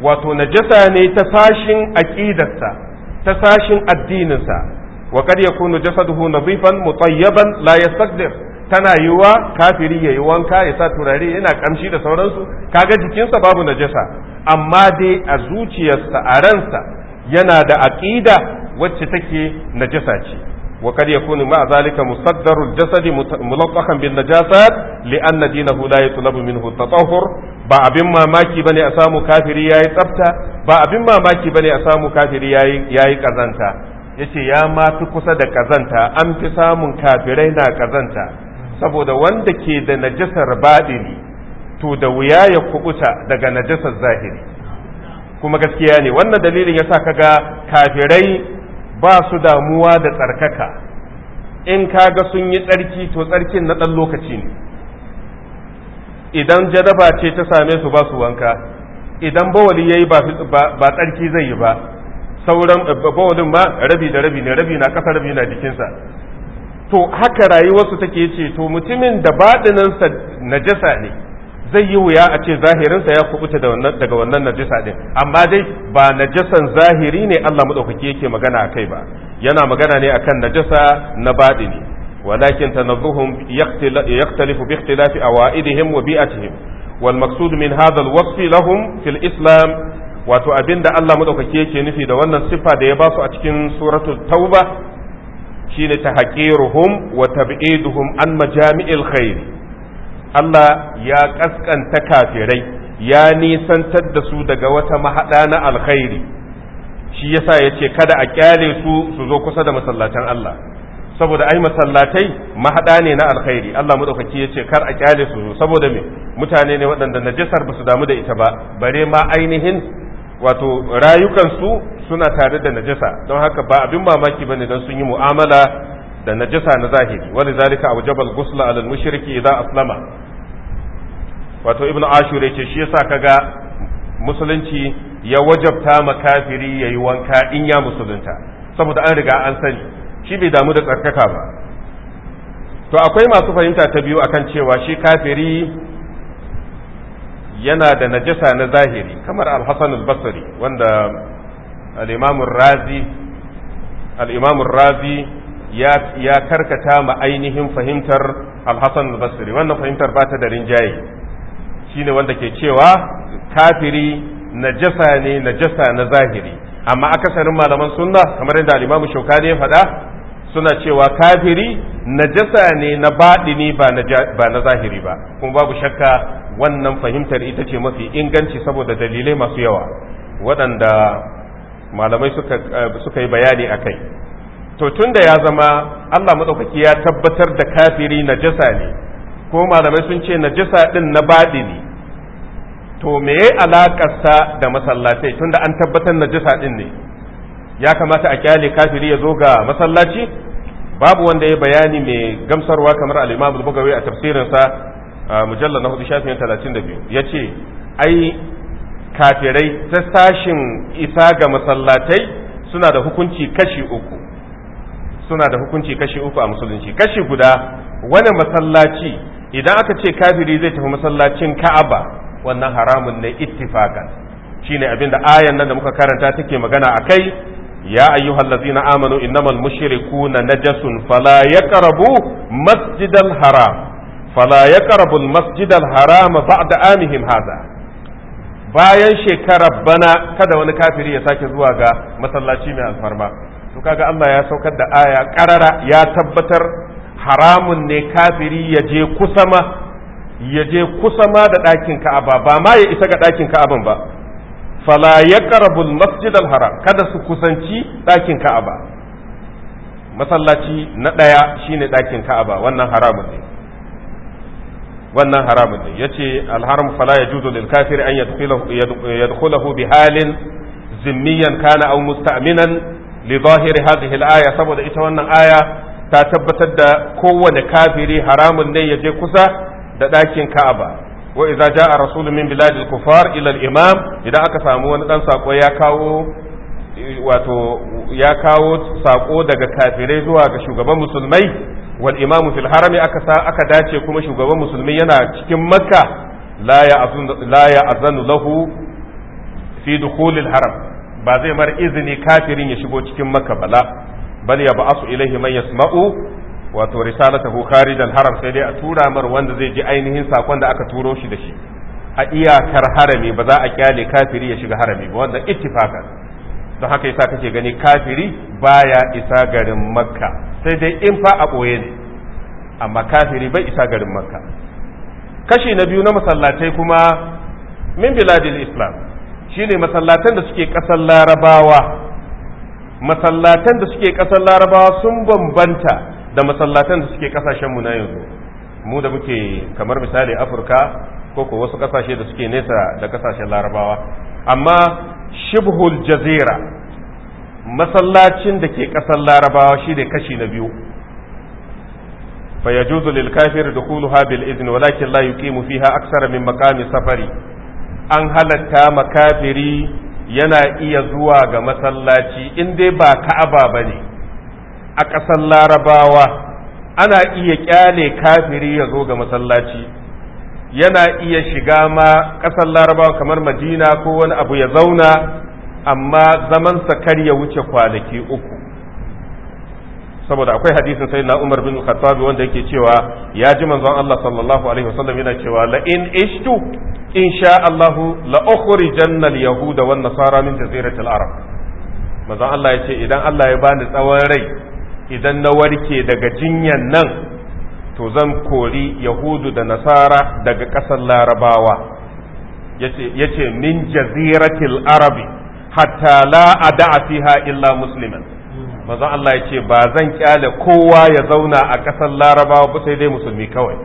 wato najasa ne ta sashin aqidarsa ta sashin addininsa wa kad yakunu jasaduhu nadifan mutayyaban la yastaqdir tana yiwa kafiri yayi wanka ya sa turare yana kamshi da sauransu kaga jikinsa babu najasa amma dai a zuciyarsa a ransa yana da aƙida wacce take najasa ce وقد يكون مع ذلك مصدر الجسد ملطخا بالنجاسات لأن دينه لا يطلب منه التطهر ba abin mamaki bane a samu kafiri yi tsafta ba abin mamaki bane a samu kafiri yayi ƙazanta. kazanta yace ya mafi kusa da kazanta an fi samun kafirai na kazanta saboda wanda ke da najasar badini to da wuya ya kubuta daga najasar zahiri kuma gaskiya ne wannan dalilin yasa kaga kafirai ba su damuwa da tsarkaka in kaga sun yi tsarki to tsarkin na ɗan lokaci ne idan jaraba ce ta same su ba su wanka idan bawali ya yi ba tsarki zai yi ba sauran eh, bawalin ma rabi da rabi ne rabi na ƙasa rabi na jikinsa to haka rayuwarsu take ce to mutumin da baɗinansa najasa ne zai yi wuya a ce zahirinsa ya kubuta daga wannan najasa din amma dai ba najasan zahiri ne Allah madaukaki yake magana akai ba yana magana ne akan najasa na badini walakin tanazzuhum yaktalifu bi ikhtilafi awaidihim wa bi'atihim wal maqsud min hadha al wasf fil islam wato abinda Allah madaukaki yake nufi da wannan sifa da ya basu a cikin suratul tauba shine ruhum wa tab'iduhum an majami'il khair Allah ya ƙasƙanta kafirai ya nisantar da su daga wata mahaɗa na alkhairi shi yasa ya ce kada a kyale su su zo kusa da masallatan Allah saboda ai masallatai mahaɗa ne na alkhairi Allah madaukaki ya ce kar a kyale su saboda me mutane ne waɗanda najasar ba su damu da ita ba bare ma ainihin wato rayukansu suna tare da najasa don haka ba abin mamaki ne don sun yi mu'amala da najasa na zahiri wani zalika abu jabal gusla alal mushriki idan aslama wato ibnu ashur yace shi yasa kaga musulunci ya wajabta ma kafiri yayi wanka in ya musulunta saboda an riga an sani shi bai damu da tsarkaka ba to akwai masu fahimta ta biyu akan cewa shi kafiri yana da najasa na zahiri kamar al-hasan al-basri wanda al-imam razi al-imam razi ya karkata ma ainihin fahimtar alhassan basri wannan fahimtar ba ta da rinjaye shine wanda ke cewa kafiri najasa ne najasa na zahiri amma akasarin malaman sunna kamar yadda alimamu shaukani ya faɗa suna cewa kafiri najasa ne na baɗini ba na zahiri ba kuma babu shakka wannan fahimtar ita ce mafi inganci saboda dalilai masu yawa waɗanda malamai suka yi bayani a kai to tunda ya zama Allah madaukaki ya tabbatar da kafiri najasa ne ko malamai sun ce najasa din na baɗi ne to me ya alakarsa da masallatai tunda an tabbatar najasa din ne ya kamata a kyale kafiri ya zo ga masallaci babu wanda ya bayani mai gamsarwa kamar al-Imam al-Bugawi a tafsirinsa mujallal na Ya yace ai kafirai ta sashin isa ga masallatai suna da hukunci kashi uku suna da hukunci kashi uku a musulunci kashi guda wani masallaci idan aka ce kafiri zai tafi masallacin ka'aba wannan haramun ne ittifaka shine abin da ayan nan da muka karanta take magana a kai ya ayyuhal ladzina amanu innamal mushrikuna najasun fala yaqrabu masjidal haram fala yaqrabu al masjidal haram ba'da amihim hadha bayan shekarar bana kada wani kafiri ya sake zuwa ga masallaci mai alfarma to kaga Allah ya saukar da aya karara ya tabbatar haramun ne kafiri ya je ya je da ɗakin Ka'aba ba ma ya isa ga ɗakin Ka'aban ba fala ya al-masjid haram kada su kusanci ɗakin Ka'aba masallaci na ɗaya shine ɗakin Ka'aba wannan haramun ne wannan haramun ne yace al-haram fala yajuzu lil kafiri an yadkhulahu yadkhulahu bi halin zimmiyan kana aw musta'minan li zahiri hadhihi aya saboda ita wannan aya ta tabbatar da kowane kafiri haramun ne ya je kusa da ɗakin Ka'aba wa idza jaa rasulun min biladil kufar ila imam idan aka samu wani ɗan sako ya kawo sako daga kafirai zuwa ga shugaban musulmai wal imam fil harami aka aka dace kuma shugaban musulmi yana cikin makka laya ya azanu lahu fi haram ba zai mar izini kafirin ya shigo cikin Makka bala bal ya ba'asu ilaihi man yasma'u wato risalata hu al-haram sai dai a tura mar wanda zai ji ainihin sakon da aka turo shi da shi a iyakar harami ba za a kyale kafiri ya shiga harami ba wanda ittifaka don haka yasa kake gani kafiri baya isa garin makka sai dai in fa a boye ne amma kafiri bai isa garin makka kashi na biyu na masallatai kuma min biladil islam shine masallatan da suke ƙasar larabawa masallatan da suke ƙasar larabawa sun bambanta da masallatan da suke ƙasashenmu na yanzu mu da muke kamar misali afirka ko ko wasu ƙasashe da suke nesa da ƙasashen larabawa amma shibhul jazira masallacin da ke ƙasar larabawa shi ne kashi na biyu fa yajuzu lil kafir dukhuluha bil izni walakin la yuqimu fiha aksara min maqami safari an halatta makafiri yana iya zuwa ga masallaci in dai ba ka'aba ba ne a ƙasar larabawa ana iya ƙyale kafiri ya zo ga masallaci yana iya shiga ma ƙasar larabawa kamar madina ko wani abu ya zauna amma zamansa kar ya wuce kwanaki uku saboda akwai hadisin sai na Umar bin Khattab wanda yake cewa ya ji manzon Allah sallallahu alaihi wasallam yana cewa la in ishtu in sha Allahu la ukhrijanna al-yahuda wan nasara min jaziratil arab manzon Allah yace idan Allah ya bani tsawon rai idan na warke daga jinyan nan to zan kori yahudu da nasara daga ƙasar larabawa yace yace min jaziratil arabi hatta la ada'a fiha illa musliman maza Allah ya ce ba zan kyale kowa ya zauna a ƙasar larabawa ba sai dai musulmi kawai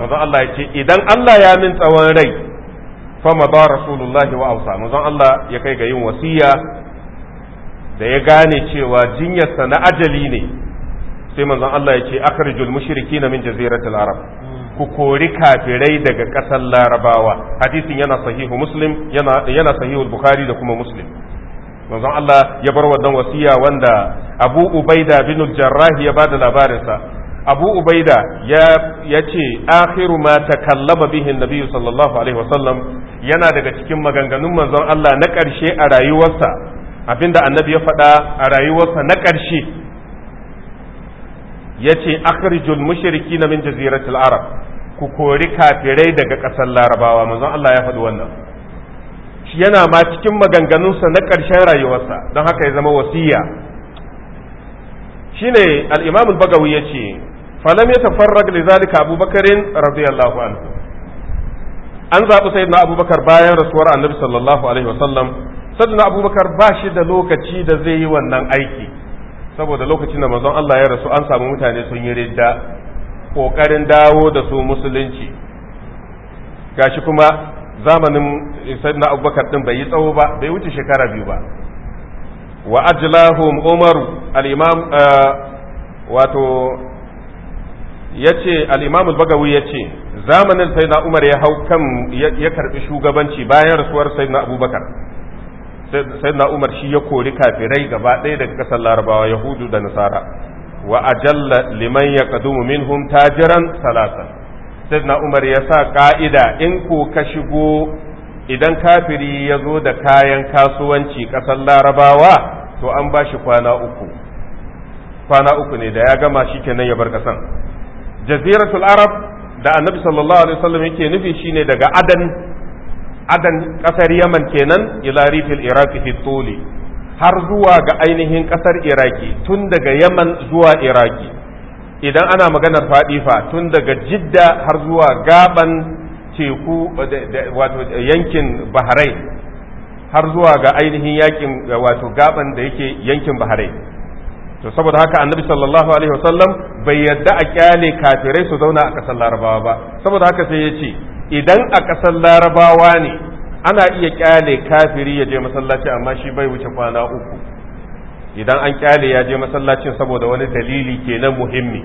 maza Allah ya ce idan Allah ya min tsawon rai fama ba rasulullahi wa ausa maza Allah ya kai ga yin wasiya da ya gane cewa jinyarsa na ajali ne sai maza Allah ya ce akhrijul mushrikina min jaziratil arab ku kori kafirai daga ƙasar larabawa hadisin yana sahihu muslim yana yana sahihu bukhari da kuma muslim manzon Allah ya bar wannan wasiya wanda Abu Ubaida bin Jarrah ya bada labarinsa Abu Ubaida ya ce akhiru ma takallama bihin Nabi sallallahu alaihi wasallam yana daga cikin maganganun manzon Allah na ƙarshe a rayuwarsa abinda annabi ya faɗa a rayuwarsa na ƙarshe ya ce akhrijul mushrikina min jaziratil arab ku kori kafirai daga ƙasar larabawa manzon Allah ya faɗi wannan yana ma cikin maganganunsa na ƙarshen rayuwarsa don haka ya zama wasiya shine al-imam ya bagawi yace falam yatafarrag li zalika abubakar radiyallahu anhu an zaɓi sai na abubakar bayan rasuwar annabi sallallahu alaihi wasallam na abubakar ba shi da lokaci da zai yi wannan aiki saboda lokacin da manzon Allah ya rasu an samu mutane sun yi ridda ƙoƙarin dawo da su musulunci gashi kuma zamanin sayyidina abubakar din bai yi tsawo ba bai wuce shekara biyu ba wa ajlahum umaru al-imam eh, wato yace al-imam al-bagawi yace zamanin sayyidina umar ya hau kan ya karbi shugabanci bayan rasuwar sayyidina abubakar sayyidina umar shi ya kori kafirai gaba ɗaya daga kasar larabawa yahudu da nasara wa ajalla liman yaqdumu minhum tajiran salasan sayyidina umar ya sa ka'ida in ko ka shigo idan kafiri ya zo da kayan kasuwanci ƙasar larabawa to an ba shi kwana uku kwana uku ne da ya gama shi kenan ya bar ƙasan jaziratul arab da annabi sallallahu alaihi wasallam yake nufi shine daga adan adan ƙasar yaman kenan ila rifil iraqi fi har zuwa ga ainihin ƙasar iraqi tun daga yaman zuwa iraqi. idan ana maganar faɗi fa tun daga jidda har zuwa gaban teku wato yankin baharai har zuwa ga ainihin yakin wato gaban da yake yankin baharai to saboda haka annabi sallallahu alaihi wasallam bai yadda a kyale kafirai su zauna a ƙasar larabawa ba saboda haka sai ya ce idan a ƙasar larabawa ne ana iya kyale kafiri ya je masallaci amma shi bai wuce kwana uku idan an kyale ya je masallacin saboda wani dalili kenan muhimmi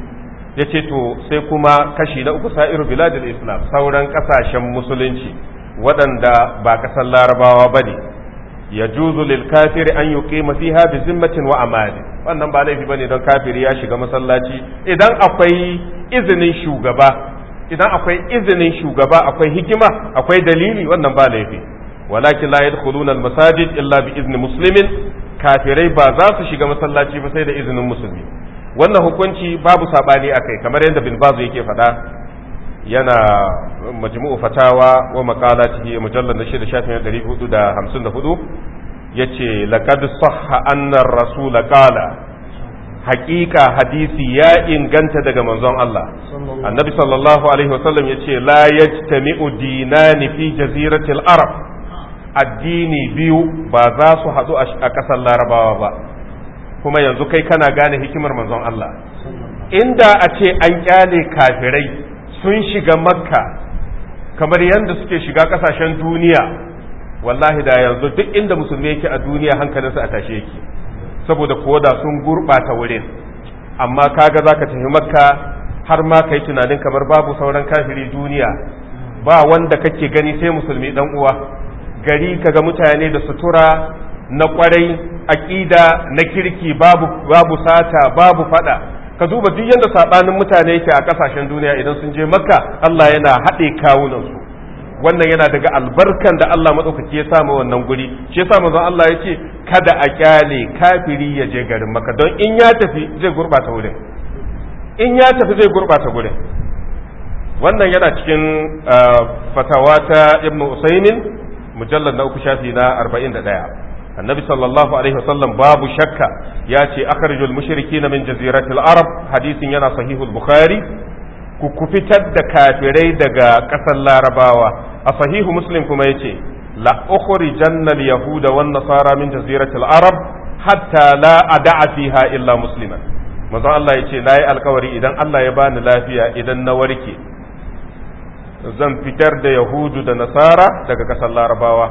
ya ce to sai kuma kashi na uku sa'iru biladil islam sauran kasashen musulunci waɗanda ba kasan larabawa ba ne ya juzu lil kafiri an yi ƙima fiha bi zimmatin wa amali wannan ba laifi ne don kafiri ya shiga masallaci idan akwai izinin shugaba idan akwai izinin shugaba akwai hikima akwai dalili wannan ba laifi walakin la yadkhuluna al masajid illa bi izni muslimin kafirai ba za su shiga masallaci ba sai da izinin musulmi wannan hukunci babu sabani kai kamar yadda bin bazu yake faɗa yana majmu'u fatawa wa maqalatihi mujallar na shida shafin ɗari hudu da hamsin da hudu yace laqad sahha anna rasul qala haƙiƙa hadisi ya inganta daga manzon Allah annabi sallallahu alaihi wasallam yace la yajtami'u dinani fi jaziratil arab addini biyu ba za su haɗu a ƙasar larabawa ba kuma yanzu kai kana gane hikimar manzon Allah inda a ce an kyale kafirai sun shiga makka kamar yadda suke shiga ƙasashen duniya wallahi da yanzu duk inda musulmi yake a duniya hankalinsa a tashe yake saboda kuwa da sun gurɓata wurin amma kaga za ka tafi makka har ma ka yi tunanin kamar babu sauran kafiri duniya ba wanda kake gani sai musulmi dan uwa gari kaga mutane da sutura na kwarai aƙida na kirki babu sata babu fada ka duba duk yanda sabanin mutane yake a kasashen duniya idan sun je makka Allah yana haɗe kawunansu wannan yana daga albarkan da Allah maɗaukaki ya samu wannan guri shi yasa manzon Allah ya ce kada a kyale kafiri ya je garin Makka, don in ya tafi zai gurɓata wurin in ya tafi zai gurbata gure wannan yana cikin ah, fatawa ta ibnu usaimin mujallar na uku shafi na arba'in da ɗaya annabi sallallahu alaihi wasallam babu shakka ya ce akhrijul na min jaziratil arab hadisin yana sahihul bukhari ku ku fitar da kafirai daga ƙasar larabawa a sahihu muslim kuma yace la ukhrijanna al yahuda wan nasara min jaziratil arab hatta la ada'a fiha illa musliman manzo Allah yace nayi alkawari idan Allah ya bani lafiya idan na warke zan fitar da yahudu da nasara daga ƙasar larabawa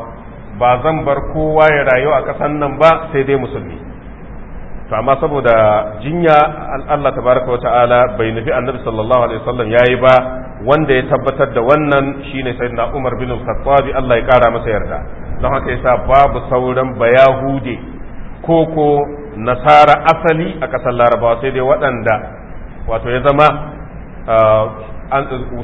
ba zan bar kowa ya rayu a ƙasar nan ba sai dai musulmi to amma saboda jinya Allah tabaraka wa ta'ala bai nufi annabi sallallahu alaihi wasallam yayi ba wanda ya tabbatar da wannan shine sayyidina Umar bin al-Khattab Allah ya kara masa yarda don haka yasa babu sauran bayahude ko ko nasara asali a ƙasar larabawa sai dai waɗanda wato ya zama ah,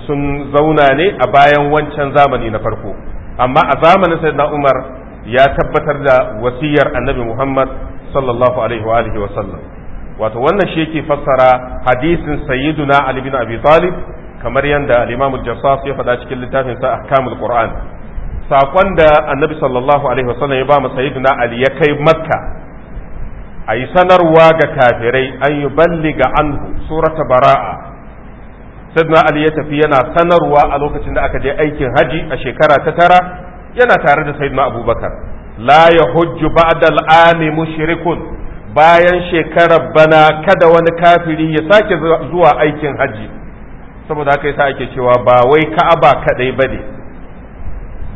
sun zauna ne a bayan wancan zamani na farko amma a zamanin sai umar ya tabbatar da wasiyar annabi muhammad sallallahu alaihi wa alihi sallam wato wannan shi yake fassara hadisin sayyiduna ali bin abi talib kamar yadda al-imam jassas ya faɗa cikin littafin sa ahkamul qur'an sakon da annabi sallallahu alaihi wa sallam ya ba mu sayyiduna ali ya kai makka a sanarwa ga kafirai an yi balliga anhu surata bara'a sadna ali ya tafi yana sanarwa a lokacin da aka je aikin haji a shekara ta tara yana tare da sayyidina abubakar la hujju ba'da al'ami mushrikun bayan shekara bana kada wani kafiri ya sake zuwa aikin haji saboda haka yasa ake cewa ba wai ka'aba kadai bane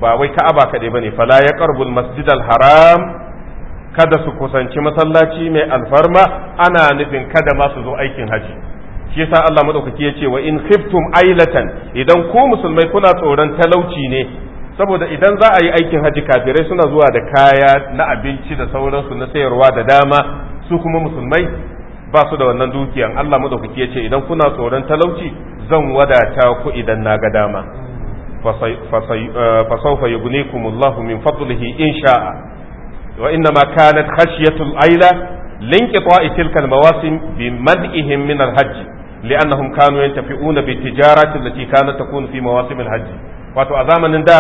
ba wai ka'aba kadai bane fala ya qarbul masjidal haram kada su kusanci masallaci mai alfarma ana nufin kada ma su zo aikin haji shi yasa Allah madaukaki ya ce wa in khiftum ailatan idan ku musulmai kuna tsoron talauci ne saboda idan za a yi aikin haji kafirai suna zuwa da kaya na abinci da sauransu na sayarwa da dama su kuma musulmai ba su da wannan dukiyan Allah madaukaki ya ce idan kuna tsoron talauci zan wadata ku idan na ga dama fasaufa eh, yugnikumullahu min fadlihi in sha'a wa innama kanat khashyatul aila linqita'i tilka al-mawasim bi mad'ihim min al لأنهم كانوا ينتفعون bi التي كانت تكون في مواسم الحج wato a zamanin da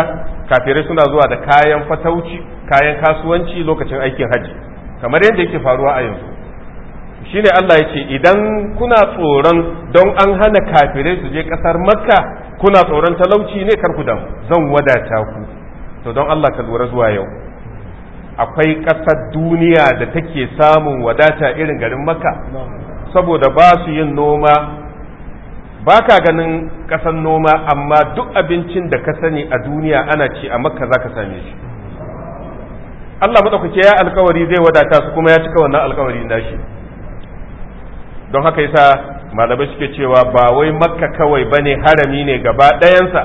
kafirai suna zuwa da kayan fatauci kayan kasuwanci lokacin aikin hajji kamar yadda yake faruwa a yanzu shine Allah ya ce idan kuna tsoron don an hana kafirai su je kasar makka kuna tsoron talauci ne karku dan zan wadata ku to don Allah ka lura zuwa yau akwai ƙasar duniya da take samun wadata irin garin makka saboda ba su yin noma ba ka ganin ƙasan noma amma duk abincin da ka sani a duniya ana ci a makka za ka same shi Allah maɗaukaki ya alkawari zai wadata su kuma ya cika wannan alkawari na shi. don haka yasa malamai suke cewa ba wai makka kawai bane harami ne gaba ɗayansa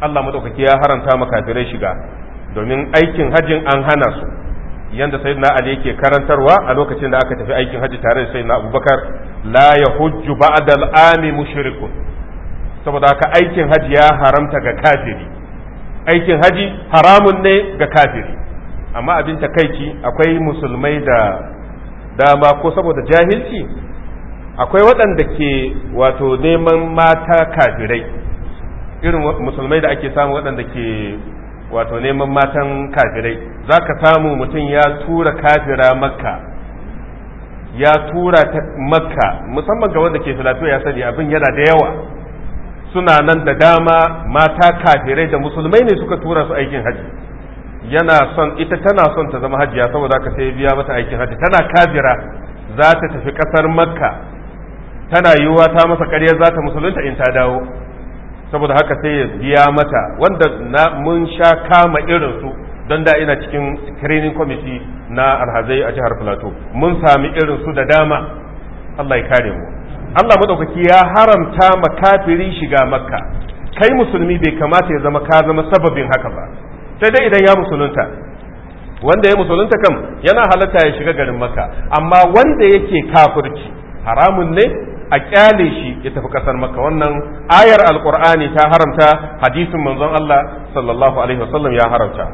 Allah maɗaukaki ya haramta maka shiga domin aikin hajin an hana su yanda sayyidina ali yake karantarwa a lokacin da aka tafi aikin haji tare da sayyidina abubakar la yahujju ba'da al-ami mushrikun saboda haka aikin haji ya haramta ga kafiri aikin haji haramun ne ga kafiri amma abin takaici akwai musulmai da dama ko saboda jahilci akwai waɗanda ke wato neman mata kafirai irin musulmai da ake samu waɗanda ke wato neman matan kafirai za ka samu mutum ya tura kafira makka ya tura makka musamman ga wanda ke filato ya sani abin yana da yawa suna nan da dama mata kafirai da musulmai ne suka tura su aikin haji yana son ita tana son ta zama hajiya saboda ka sai biya mata aikin haji tana kafira za ta tafi kasar makka tana yiwuwa ta masa ƙarya za ta musulunta in ta dawo saboda haka sai ya biya mata wanda mun sha kama irin su don da ina cikin screening committee na alhazai a jihar plateau mun sami irinsu da dama Allah ya kare mu Allah madaukaki ya haramta makafiri shiga makka kai musulmi bai kamata ya zama ka zama sababin haka ba sai dai idan ya musulunta wanda ya musulunta kam yana halatta ya shiga garin makka amma wanda yake kafirci haramun ne a kyale shi ya tafi kasar maka wannan ayar alqur'ani ta haramta hadisin manzon Allah sallallahu alaihi wasallam ya haramta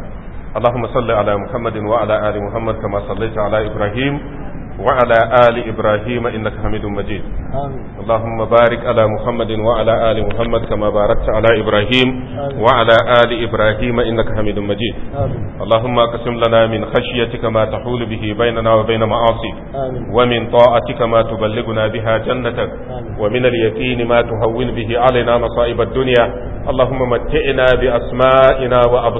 اللهم صل على محمد وعلى ال محمد كما صليت على ابراهيم وعلى آل إبراهيم إنك حميد مجيد آمين. اللهم بارك على محمد وعلى آل محمد كما باركت على إبراهيم آمين. وعلى آل إبراهيم إنك حميد مجيد آمين. اللهم اقسم لنا من خشيتك ما تحول به بيننا وبين معاصيك ومن طاعتك ما تبلغنا بها جنتك ومن اليقين ما تهون به علينا مصائب الدنيا اللهم متئنا بأسمائنا وأبصارنا